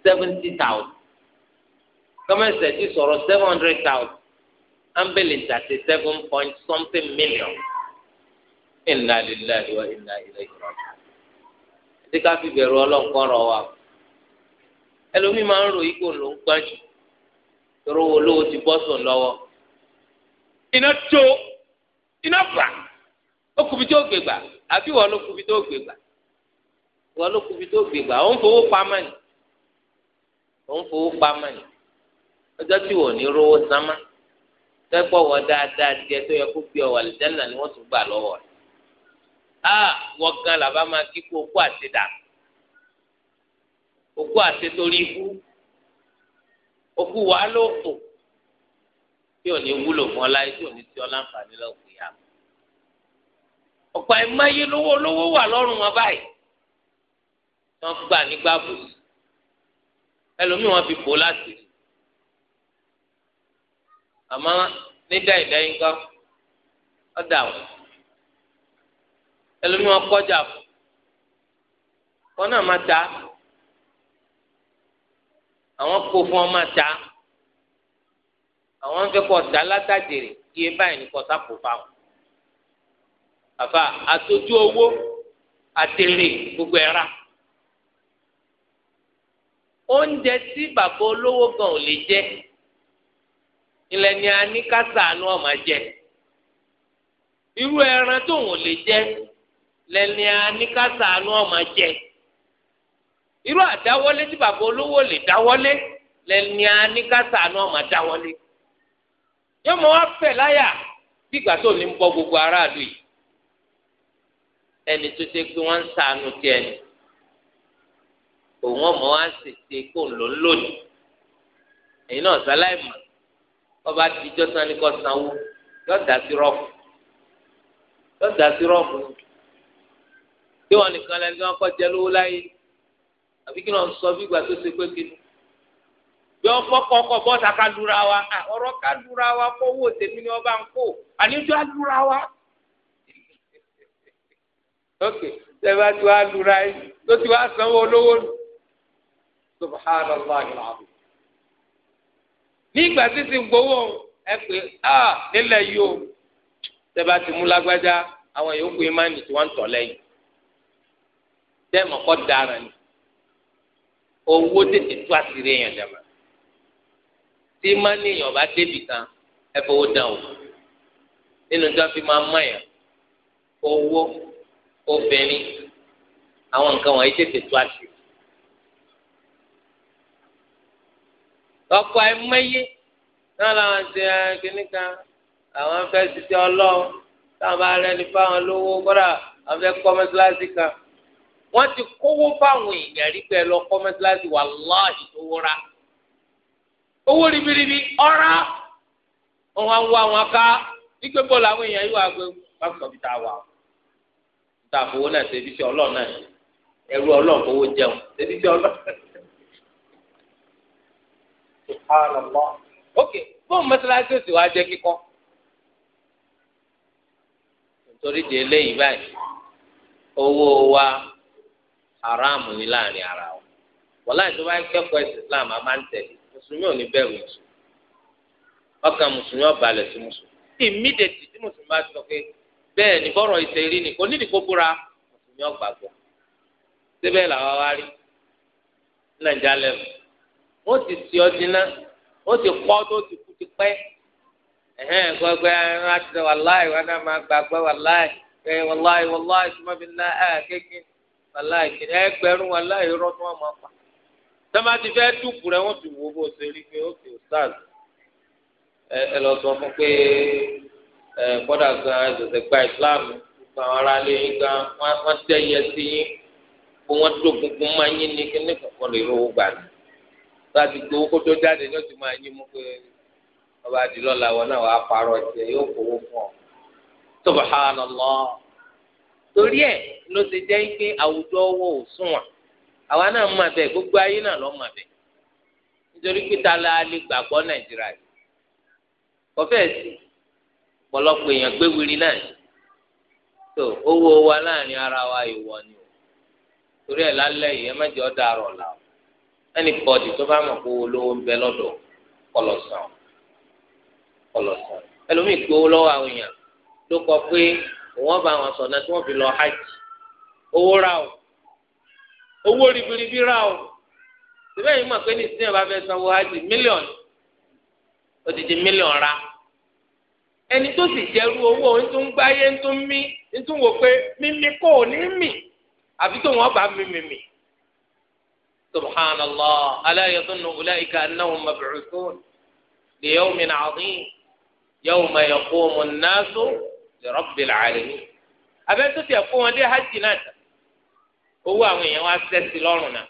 Speaker 1: seventy thousand gọ́mẹ̀sẹ̀ ti sọ̀rọ̀ seven hundred thousand à ń bẹ̀lẹ̀ seven point something million inna lillahi wa inna ilayhi raji'un ẹtí ká fi bẹ̀rù ọlọ́kọ̀ọ̀rọ̀ wa ẹlòmíì máa ń ro igbó ló ń gbájú torí owó olówó ti bọ́ sùn lọ́wọ́ iná tó iná fà ó kùbi tó gbé gbà àbí wọ́n ló kùbi tó gbé gbà wọ́n ló kùbi tó gbé gbà ó ń fowó pamọ́ ni ó ń fowó pamọ́ ni ọjọ́ tí wọ́n ní rówó sámá tẹ́gbọ́ wọ dáadáa díẹ̀ tó yẹ kó gbé ọ wà lìjánà ni wọ́n tún gbà lọ́wọ́ rẹ̀ á wọ́n gan làbá máa kí kó àti dà okú àti torí ikú okú wàá ló tí ò ní wúlò fún ọ láyé tí ò ní tí ọ láǹfààní lọ́kùn yá. ọ̀pọ̀ àìmọye lówó lówó wà lọ́rùn wọn báyìí wọ́n gbà nígbà bùsù ẹlòmíì wọn fi bò láti àmọ́ ní dáìdáì ńkọ́ ọ̀dà wọn ẹlòmíì wọn kọjá fún wọn náà máa ta àwọn kó fún ọ máa ta àwọn ń fẹ́ kọ́ da látàjèrè iye báyìí ní kọ́ sápò fáwọn. àfà àtọ́jú owó àtẹ̀rẹ̀ gbogbo ẹ̀ra. oúnjẹ tí bàbá olówó gan ò lè jẹ ilẹ̀ ni a ní ká ṣàánú ọmọ jẹ irú ẹran tó wọn lè jẹ lẹni a ní ká ṣàánú ọmọ jẹ irú àdáwọlé tí bàbá olówó lè dáwọlé lẹni a ní ká ṣàánú ọmọ dáwọlé yóò mọ wá fẹ̀ láyà bí ìgbà tó ní ń bọ́ gbogbo aráàlú yìí ẹni tó ṣe pé wọ́n ń sànù tiẹ̀ ni òun ọmọ wa ń ṣèṣe kó ń lò ń èyí náà sáláì ọba àtijọ́ san ni sanwó yóò dá sí rọ́ọ̀fù yóò dá sí rọ́ọ̀fù tí wọn nìkan lẹni tí wọn kọ́ jẹ lówó láyé àbí kí wọn sọ bí ìgbà tó ṣe pé kí ni yọ fọkọkọ bọ́sà ká lura wa ah, ọ̀rọ̀ ká lura wa kówó tèmi ni wọ́n bá ń kó àníjọ́ á lura wa. ok sẹ́wá tí wàá lura yìí tó ti wàá sanwó olówó nù. subhanallah alaahu. ní ìgbà títí gbowó ẹ pé ah, nílẹ̀ yìí o sẹ́wá ti mú lágbájá àwọn yòókù imáni tí wọ́n ń tọ̀ lẹ́yìn. dẹ́mọ̀kọ́ dára ni owó tètè tó àṣírí èèyàn dẹ́mọ̀ tí má níyàn bá débi kan ẹ fowó dàn o nínú tí wọn fi máa mọ yàn owó obìnrin àwọn nǹkan wọ̀nyí tètè tó àṣì. ọkọ ẹ mẹyẹ náà làwọn ṣe kínní kan àwọn fẹẹ ṣiṣẹ́ Ọlọ́run táwọn bá rẹni fáwọn lówó kódà àwọn fẹẹ kọ́ mẹsàlásì kan wọn ti kówó fáwọn èèyàn rí pé lọ kọ́ mẹsàlásì wàláhì tó wúra owó ribiribi ọ̀rá òun à ń wá wọn ká wípé bọ́ọ̀lù àwọn èèyàn yìí wà gbé báńkì ọ̀bì tá a wà tá a fowó náà ṣe ibi tí ọlọ́ọ̀ náà ẹrú ọlọ́ọ̀ fowó jẹun ṣe ibi tí ọlọ́ọ̀ ok fóun mẹsàlásì òsì wàá jẹ kíkọ nítorí di eléyìí báyìí owó wa haramu ni láàrin ara wa wọláì tó bá ń kẹ́kọ̀ọ́ ẹsìn Islam a máa ń tẹ̀lé mùsùlùmí ò ní bẹ̀rù mùsùlùmí ọkàn sí tí mùsùlùmí bá sọ pé bẹ́ẹ̀ ni bọ́rọ̀ ìṣèlérí ni kò ní ìdíkó búra mùsùlùmí ọ̀gbàgbọ́ síbẹ̀ làwọn wá rí nàìjà lẹ́nu ó ti ti ọtí ná ó ti kọ́ tó ti kú tẹ́lẹ̀ ti fẹ́ dùkú rẹ̀ wọ́n ti wo bó ṣe rí pé ó ti stars ẹ lọ sọ fún pé ẹ kọ́dà gan ẹ̀sẹ̀sẹ̀ gba Islam gbogbo àwọn ará lé yín gan wọ́n tẹ́yẹ sí yín kó wọ́n tó gungun máa yín ní kíní kankan lè rówó gbà ní. láti gbowó kó tó jáde ní oṣù máa yín mú pé ọba àdìlọ́ làwọn náà wàá parọ́ ẹ̀sẹ̀ yóò kówó fún ọ. subhanallah torí ẹ̀ ló ti jẹ́ pé àwùjọ wọ̀ ò sunwọ̀n. àwa náà mọ̀ bẹ́ẹ̀ gbogbo ayé náà lọ mọ̀ bẹ́ẹ̀ nítorí pé ta la gbàgbọ́ nàìjíríà yìí kọfẹ́ sí ọ̀pọ̀lọpọ̀ èèyàn gbé náà yìí tó owó wa láàrin ara wa ni o torí ẹ̀ lálẹ́ yìí ẹ má o tó bá mọ̀ kó lówó ń bẹ lọ́dọ̀ kọlọ̀sán kọlọ̀sán ẹlòmíì gbowó lọ́wọ́ àwọn èèyàn ló kọ pé owó ribiribi rà o síbẹ̀ yìí mọ̀ pé ní sinimá bá fẹ́ sanwó hajj mílíọ̀nù odidi mílíọ̀nù ra ẹni tó sì jẹ́rú owó ń tún gbáyé ń tún mí ń tún wò pé mímí kò ní mì àfi tó wọn bá mímì mì subhanallah ala yadhunnu ulaika annahum mab'uthun li yawmin 'azim yawma yaqumu an-nasu li rabbil 'alamin abẹ́tọ́ tiẹ̀ kó wọn dé hajj náà tẹ̀ owó àwọn èèyàn wá sẹ́sì lọ́rùn náà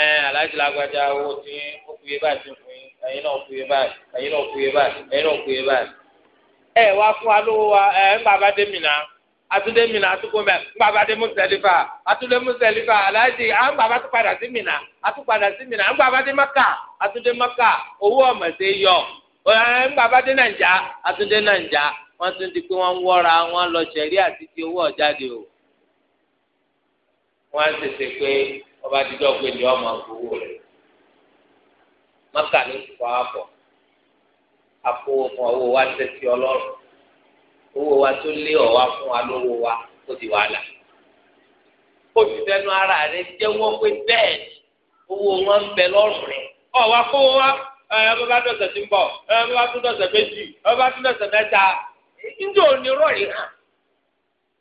Speaker 1: ẹ aláàjì lágbájá owó tí ó fi yé báyìí tó fún yín ẹ̀yin náà fi yé báyìí ẹ̀yin náà fi yé báyìí ẹ̀yin náà fi yé báyìí. ẹ wá fún wa lówó wa ẹ ń bàbá dé mìíràn atúndé mina atukọ mẹ ngbàgbà dé mùsẹlífà atúndé mùsẹlífà aláàjì à ń gbàgbà tó padà sí mina àtúpadà sí mina à ń gbàgbà dé maka atúndé maka owó ọmọdé yọ ẹ ń gbàgbà dé nàìjà atúndé nàìjà wọn tún di pé wọn ń wọra wọn lọ wọn á tètè pé ọba dídọ́ pé ní ọmọ gbowó rẹ̀ mọ́kà ló ti kọ́ àpọ̀ àpò ọmọ owó wa tẹ̀sí ọlọ́run owó wa tó lé ọ̀wá fún wa lówó wa ó di wàhálà ó ti fẹ́nu ara rẹ̀ jẹ́wọ́ pé bẹ́ẹ̀ owó wọn ń bẹ lọ́rùn rẹ̀ ọ̀wá kó wa ẹ bá dọ̀sẹ̀ tí ń bọ̀ ẹ bá tún dọ̀sẹ̀ méjì ẹ bá tún dọ̀sẹ̀ mẹ́ta ìjọ onírọ̀ yìí hàn.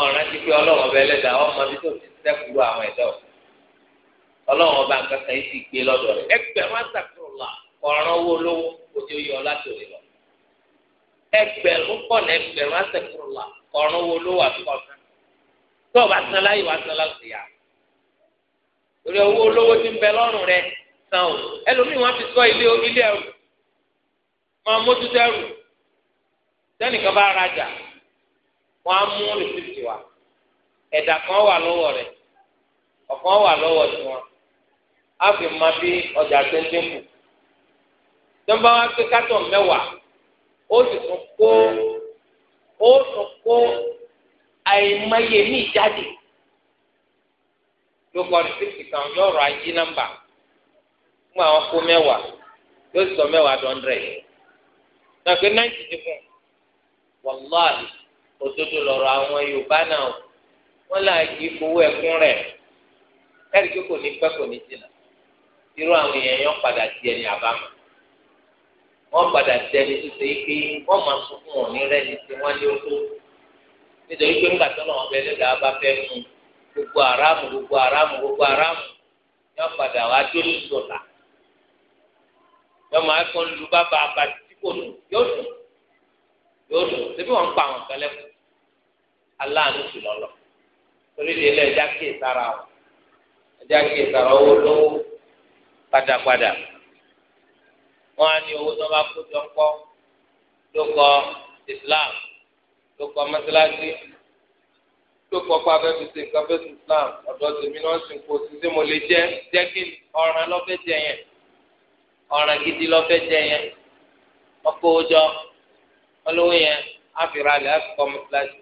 Speaker 2: ọ̀ràn ti pé ọlọ́run ọba ẹlẹ́dàá ọmọ
Speaker 1: bí tó ti sẹ́kùrú àwọn ẹ̀dọ́ ọlọ́run ọba kankan yìí ti gbé lọ́dọ̀ rẹ̀ ẹgbẹ̀rún àtàkùrọ̀là ọ̀ràn owó olówó òde oyè ọ̀làtòrè lọ ẹgbẹ̀rún kọ̀nà ẹgbẹ̀rún àtàkùrọ̀là ọ̀ràn owó olówó àtúkọ̀ kan tó o bá san láyé wàá san láti yà torí owó olówó ti ń bẹ lọ́rùn rẹ̀ san o ẹlòmíì wọn fi sọ ilé ilé ẹrù máa mójútó ẹrù sẹ́nìkan bá rajà wọ́n á mú rìsíìtì wa ẹ̀dà kan wà lọwọ rẹ̀ ọ̀kan wà lọwọ tiwọn á fi mọ bí ọjà tó ń dínkù tó ń pé kátó mẹ́wàá ó sì tún kó ó tún kó àìmọye ní jáde ló kọ rìsíìtì kan yóò fún àwọn kó mẹ́wàá yóò dọ́ndrẹ̀ òdodo lọ̀rọ̀ àwọn yorùbá náà wọ́n là yí fowó ẹkún rẹ̀ ẹ̀rí pé kò ní pẹ́ kò ní jìnnà irú àwọn èèyàn yẹn padà di ẹni àbámọ̀ wọ́n padà di ẹni tó ṣe pé wọ́n máa sún fún wọn ní rẹ́ni tí wọ́n lé tó nítorí pé nígbà tó lọ́wọ́ bẹ́ẹ̀ lẹ́dà bá fẹ́ mú gbogbo aráàmù gbogbo aráàmù gbogbo aráàmù yọ padà wá dé lùsọ̀tà yọ máa kọ́ lu bàbá àbàtì tí kò lù yóò dùn yóò dùn síbí wọ́n ń pa àwọn kan lẹ́kọ̀ọ́ aláàánú sì lọ́lọ́ torí di ilé ẹja kí ìsara o ẹja kí ìsara owó lówó padàpadà wọn á ní owó tó bá kó jọ kọ ló kọ Islam ló kọ mọ́sálásí tó kọ́kọ́ abẹ́fisè nǹkan fẹ́ sùn Islam ọ̀dọ́ tèmi náà sì ń kó sísé mo lè jẹ́ jẹ́ kí ọ̀ràn lọ́fẹ́ jẹ yẹn ọ̀ràn gidi lọ́fẹ́ jẹ yẹn ọkọ̀ òjọ olówó yẹn àfìrà lẹ́ àfikọ́ mọ́sálásí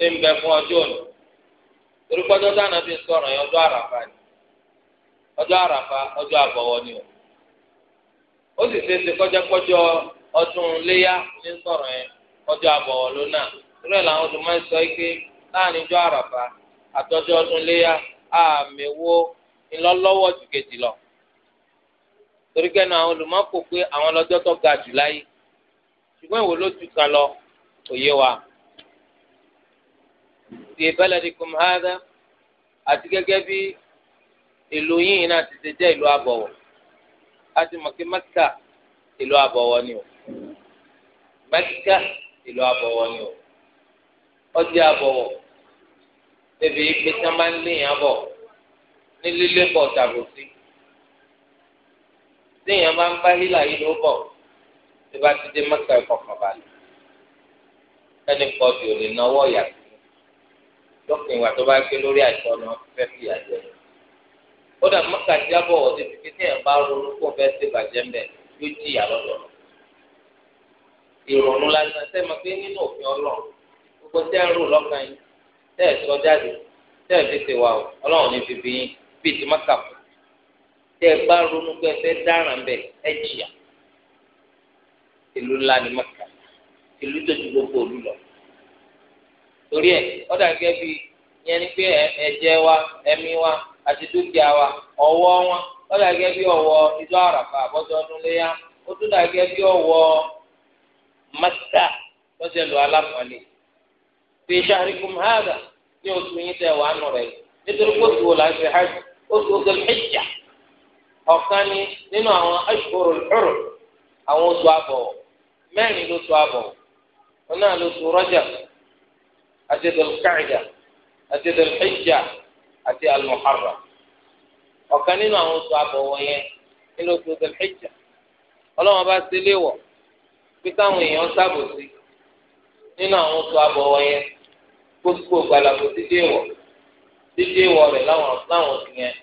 Speaker 1: ṣe ń bẹ fún ọjọ́ òní torípé ọjọ́ táwọn ti ń sọ̀rọ̀ yẹn ọjọ́ àràfà ni ọjọ́ àràfà ọjọ́ ni o ó sì ṣe ṣe kọjá ọdún léyà ní sọ̀rọ̀ yẹn ọjọ́ ló náà làwọn ọdún máa ń sọ pé láàrin ọjọ́ àràfà àtọ́jọ́ ọdún léyà lọ torí kẹ́nu àwọn olùmọ́kò pé àwọn ga jù láyé ṣùgbọ́n ìwò ló fi baladikum hadha àti gẹ́gẹ́ bí ìlú yìí náà ti ṣe jẹ́ ìlú àbọ̀wọ̀ a ti mọ̀ pé mẹ́kà ìlú àbọ̀wọ̀ ni o mẹ́kà ìlú àbọ̀wọ̀ ni o ọdí àbọ̀wọ̀ bẹ́ẹ̀ bí pé sábà ń léyìn àbọ̀ ní lílé pọ̀ tàbí sí téèyàn bá ń bá hílà yìí ló bọ̀ tó bá ti dé mẹ́kà ẹ̀kọ́ kan balẹ̀ ẹnì kan ti ò lè náwó yàtọ̀ lọ́kùn ìwà tó bá gbé lórí àìsàn ni wọ́n fẹ́ fi àjẹ́ rẹ̀. kódà mọ́kà jábọ̀ ọ̀dẹ títí tí ẹ̀ bá ronú kó fẹ́ ṣe bàjẹ́ mbẹ́ yóò jí ìyá lọ́dọ̀. ìrònú lásán tẹ́ mọ pé nínú òfin ọlọ́run gbogbo tẹ́ ń rò lọ́kàn yín tẹ́ ẹ̀ sọ jáde tẹ́ ẹ̀ fi ṣe wà ó ọlọ́run ní bíbí yín bíi ti mọ́kà fún tẹ́ ẹ bá ronú pé ẹ fẹ́ dáràn mbẹ́ ẹ torí ẹ̀ ọ̀dà gẹ́gẹ́ bí yẹn ni pé ẹ̀jẹ̀ wa ẹ̀mí wa àti dúkìá wa wọn ọ̀dà gẹ́gẹ́ bí ọ̀wọ́ ìjọ àràfà àbọ̀jọ́ ó tún dà gẹ́gẹ́ bí ọ̀wọ́ mẹ́ta lọ́sẹ̀ lọ aláfọ̀lẹ́ fi hàdà ní oṣù yín tẹ̀ nù rẹ̀ nítorí pé oṣù hajj oṣù ọ̀kan ni nínú àwọn àwọn oṣù àbọ̀ mẹ́rin àti dọlkàjà àti dọlhijjà àti almuharra ọ̀kan nínú àwọn oṣù àbọ̀wọ̀ yẹn nínú oṣù dọlhijjà ọlọ́wọ́n bá ṣe léwọ̀ pé káwọn èèyàn sábò sí nínú àwọn oṣù àbọ̀wọ̀ yẹn gbogbo gbàlàbò ti déwọ̀ ti déwọ̀ rẹ̀ láwọn láwọn oṣù yẹn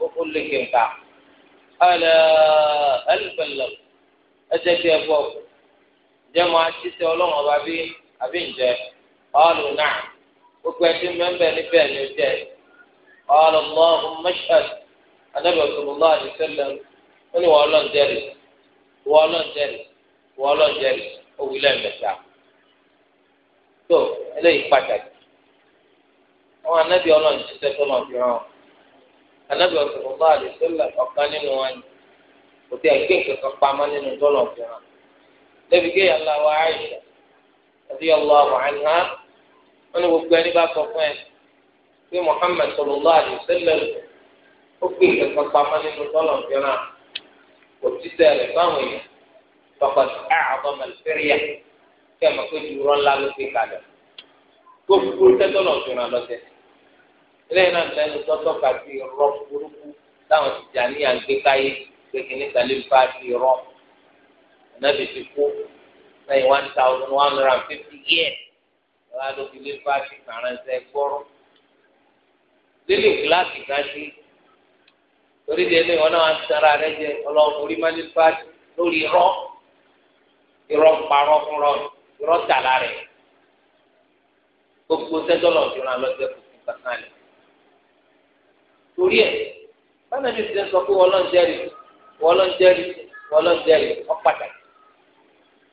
Speaker 1: ó lé kéka ala alifẹlẹ ẹsẹ tí ẹ bọ jẹ mọ àti tẹ Ọlọ́run ọba bí àbí ǹjẹ. قالوا نعم وكويتم من بني بني جاي قال اللهم اشهد النبي صلى الله عليه وسلم من والله جري والله جري والله جري ولا متى تو إليه pàtàkì àwọn anabi Ọlọ́run ti sẹ tọlọ fi hàn anabi ọsọlọ bá àdìsẹlẹ ọ̀kan nínú wọn ni kò tí a gbé nǹkan pamọ́ nínú tọlọ fi hàn lẹbi wọn ní gbogbo ẹni bá sọ fún ẹ pé Muhammad sallallahu alaihi wasallam ó gbé ìkẹkọọ pamọ́ nínú tọlọ fìràn kò títẹ rẹ fáwọn èèyàn faqad a'zama al-firya kí ẹ mọ̀ pé jùlọ ńlá ló gbé kalẹ̀ gbogbo tẹtọ lọ fìràn lọtẹ ilé iná lẹ́nu tọtọ kàti rọ burúkú táwọn ti jà ní àgbékáyé gbẹgẹ ní kàlífà ti rọ ẹnẹbi ti kú lẹ́yìn one thousand one hundred and fifty years wàá ló fi lé fáṣí kàránṣẹ́ gbọ́rọ́ lílì kíláàsì kan sí
Speaker 2: torí de ilé wọn náà
Speaker 1: wá ń tara rẹ jẹ ọlọ́run orí má lé fáṣí lórí irọ́ irọ́ parọ́ fúnrọ́ irọ́ tàlá rẹ̀ gbogbo sẹ́dọ̀lọ̀ ìrora lọ́sẹ̀ kò sí kankan lẹ̀ torí ẹ̀ báyìí ní ìdílé sọ pé wọ́n lọ́n jẹ́rì wọ́n lọ́n jẹ́rì wọ́n lọ́n jẹ́rì ọ́ pàtàkì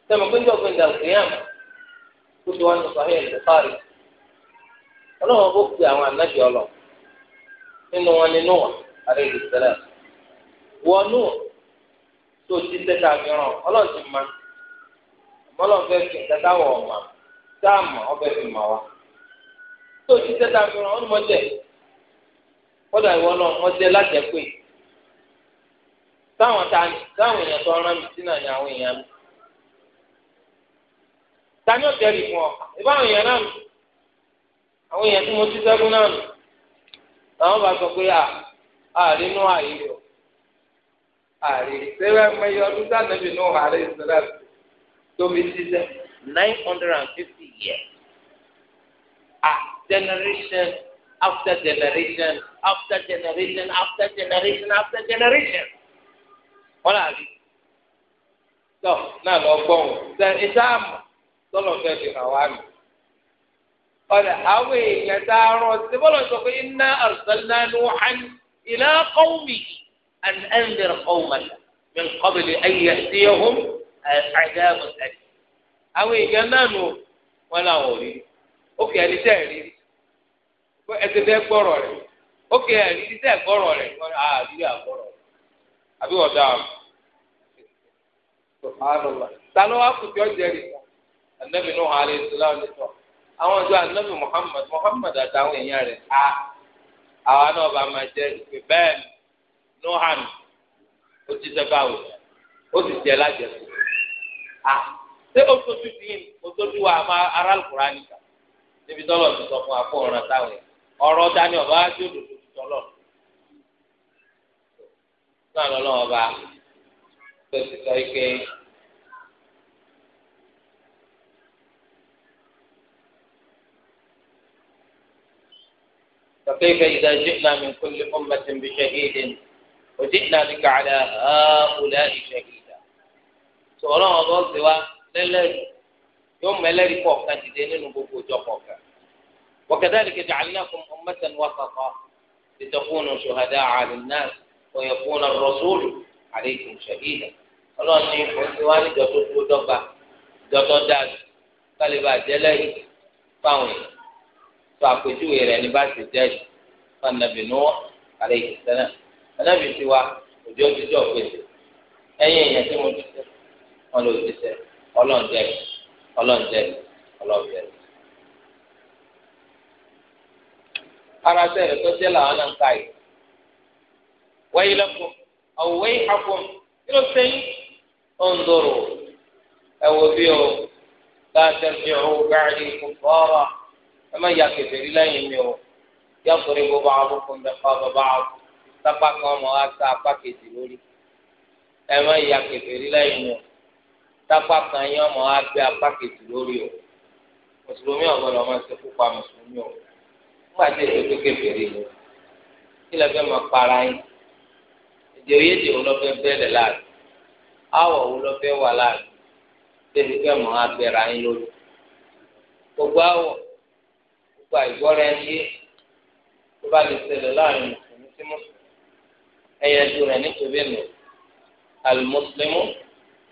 Speaker 1: sẹ́mi pé ní ọ̀gbìn dàgbé yàrá. kó tó wọn sọ hẹ́ẹ̀ lùkárì ọlọ́wọ́n bó pe ọlọ
Speaker 2: nínú wọn ni Nóà
Speaker 1: alayhi salam wọ Nóà tó ti mìíràn ọlọ́run ti ma ọlọ́run fẹ́ fi nǹkan táwọn ọ̀ma táàmù ọbẹ̀ fi mà wá tó ti mìíràn kọ́dà ìwọ náà táwọn táwọn èèyàn tani ọ̀jẹ̀ rì fún ọ ìbá àwọn èèyàn náà àwọn èèyàn tí mo ti sẹ́gun náà nù àwọn bá sọ pé à àárín nù àyè o àárín sẹ́wẹ́ mẹ́yọ ọdún sànẹ́bì nù àárẹ̀ ìṣẹ̀lẹ̀ tóbi ṣiṣẹ́ nine hundred and fifty years ah generation after generation after generation after generation after generation wọ́n làbí tọ́ náà lọ gbọ́n o ṣe ìṣáàmù. tọ́lọ̀ fẹ́ fi hàn wá mi. ọ̀dà àwọn èèyàn tá a rọ sí bọ́lọ̀ sọ pé iná inna arsalna Nuhan ila kọ́wùmí qawmihi an anzir qawmaka min qabli an ya'tiyahum adhabun alim. àwọn èèyàn náà nù wọn làwọn ò rí òkè ẹni tẹ́ ẹ̀ rí ẹsẹ̀ fẹ́ gbọ́rọ̀ rẹ̀ òkè ẹni tẹ́ ẹ̀ gbọ́rọ̀ rẹ̀ àbí àgbọ̀rọ̀ àbí wọ́n dáa. ta ló wá kùtì ọ̀jẹ̀ rẹ̀ anabi nuhu alayhi salaam ni sọ àwọn ọjọ anabi muhammad muhammad àtàwọn èèyàn rẹ̀ a àwa náà bá máa jẹ ìpè bẹ́ẹ̀ nuhan ó ti tẹ báwò ó sì tẹ lájẹsọ a ṣé o tó ti fi o tó ti wà á máa ara lùkùrá nìkan níbi tọ́lọ̀ ti sọ fún àpò dání ọba á jó náà lọ́lọ́wọ́ bá tó ti sọ ike. فكيف إذا جئنا من كل أمة بشهيد وجئنا بك على هؤلاء شهيدا سؤال الله سوى للذي يوم الذي فوق كان تدينين وكذلك جعلناكم أمة وسطا لتكونوا شهداء على الناس ويكون الرسول عليكم شهيدا ọlọ́run ní oníwájú ìjọ tó kú dọ́gba ìjọ tó dáa kálíbà jẹ́lẹ́yìn fáwọn èèyàn tó àpèjúwe rẹ̀ ní bá ti dẹ́rì fún anabi nuwa alẹ́ ìṣẹ̀lẹ̀ anabi ti wa òjò òjijì ọ̀pẹ̀sẹ̀ ẹ̀yìn èèyàn tí mo ti sẹ́ wọn lò ti sẹ́ ọlọ́ọ̀dẹ́rì ọlọ́ọ̀dẹ́rì ọlọ́ọ̀dẹ́rì. ara sẹ́yìn tó jẹ́ làwọn náà ń ka yìí wáyé lẹ́kọ̀ọ́ ọ̀wé ìhàkùn kí sẹ́yìn ó ń ẹ̀wọ̀ bí o bá tẹ̀síọ̀ bá a kò fọ́ọ̀rọ̀ ẹ má ya kẹfẹ́rí lẹ́yìn mi o yàtọ̀rí gbogbo àwọn fún mi kọ́ bàbá àwọn sápá kan ọmọ wa sá apá kejì lórí ẹ má ya kẹfẹ́rí lẹ́yìn mi o sápá kan yín ọmọ wa gbé apá kejì lórí o mùsùlùmí ọ̀gbọ́dọ̀ máa ṣe kú pa mùsùlùmí o
Speaker 2: nígbà tí èdè tó kẹfẹ́rí
Speaker 1: ni kí lè máa para yín èdè òyèdè wo ló fẹ́ bẹ́ẹ̀lẹ̀ láàrin àwọ̀ wà láàrin tẹ́lifẹ́ mọ́ abẹ́ra yín lórí gbogbo àwọ̀ gbogbo àìgbọ́ra ẹni tó bá lè ṣẹlẹ̀ láàrin mùsùlùmí sí mùsùlùmí ẹ̀yẹ ju rẹ̀ nítorí nù àlùmùsùlùmí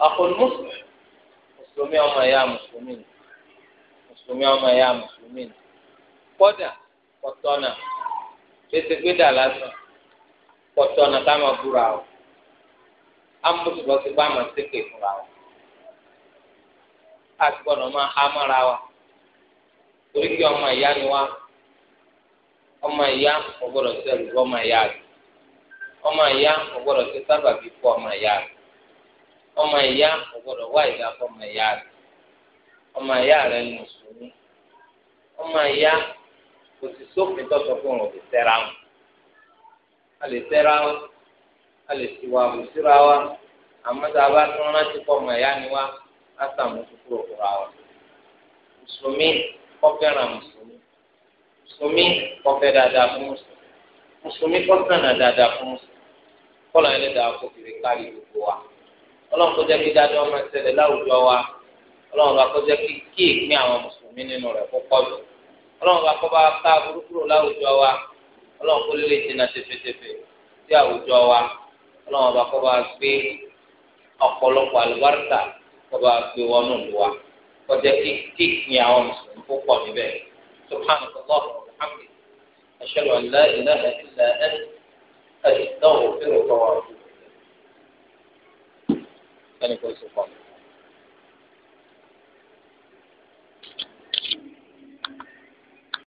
Speaker 1: akọlùmùsùlùmí mùsùlùmí ọmọ ẹ̀yà mùsùlùmí ni mùsùlùmí ọmọ ẹ̀yà mùsùlùmí ni kọ́dà kọ́tọ́nà pété gbédà lásán kọ́tọ́nà táwọn búra o amúsùlùmí ọ̀sẹ̀ bá máa ṣépè fúnra o àti gbọ́dọ̀ máa há mọ́ra wa.
Speaker 2: torí kí ọmọ ìyá ni wá
Speaker 1: ọmọ ìyá kò gbọ́dọ̀ sí ẹrù ọmọ ìyá rẹ ọmọ ìyá kò gbọ́dọ̀ sí sábàbí fún ọmọ ìyá rẹ ọmọ ìyá kò gbọ́dọ̀ wá ìyá fún ọmọ ìyá rẹ
Speaker 2: ọmọ ìyá rẹ
Speaker 1: ọmọ ìyá kò sì sófin tọ́sọ fún òun tẹ́ra wọn a lè tẹ́ra wọn a lè kọfẹ́ràn mùsùlùmí mùsùlùmí kọfẹ́ dáadáa fún mùsùlùmí mùsùlùmí kọfẹ́ràn dáadáa fún mùsùlùmí kọ́lọ̀ ẹni dáa kó fi kárí gbogbo wa ọlọ́run kó jẹ́ kí dáadáa ọmọ ẹsẹ̀lẹ̀ láwùjọ wa ọlọ́run bá kó jẹ́ kí kí ìpín àwọn mùsùlùmí nínú rẹ̀ kó pọ̀ jù ọlọ́run bá kó bá ká burúkúrò láwùjọ wa ọlọ́run kó lè jìnnà tẹfẹtẹfẹ sí wa ọlọ́run bá bá gbé ọ̀pọ̀lọpọ̀ àlùbáríkà kó bá gbé wọnú ìlú wa. kọjá kéèké ní àwọn mùsùlùmí kó pọ̀ níbẹ̀ subhanahu wa rahmatulahi ashhadu an la ilaha illa anta astaghfiruka wa atubu ilayk.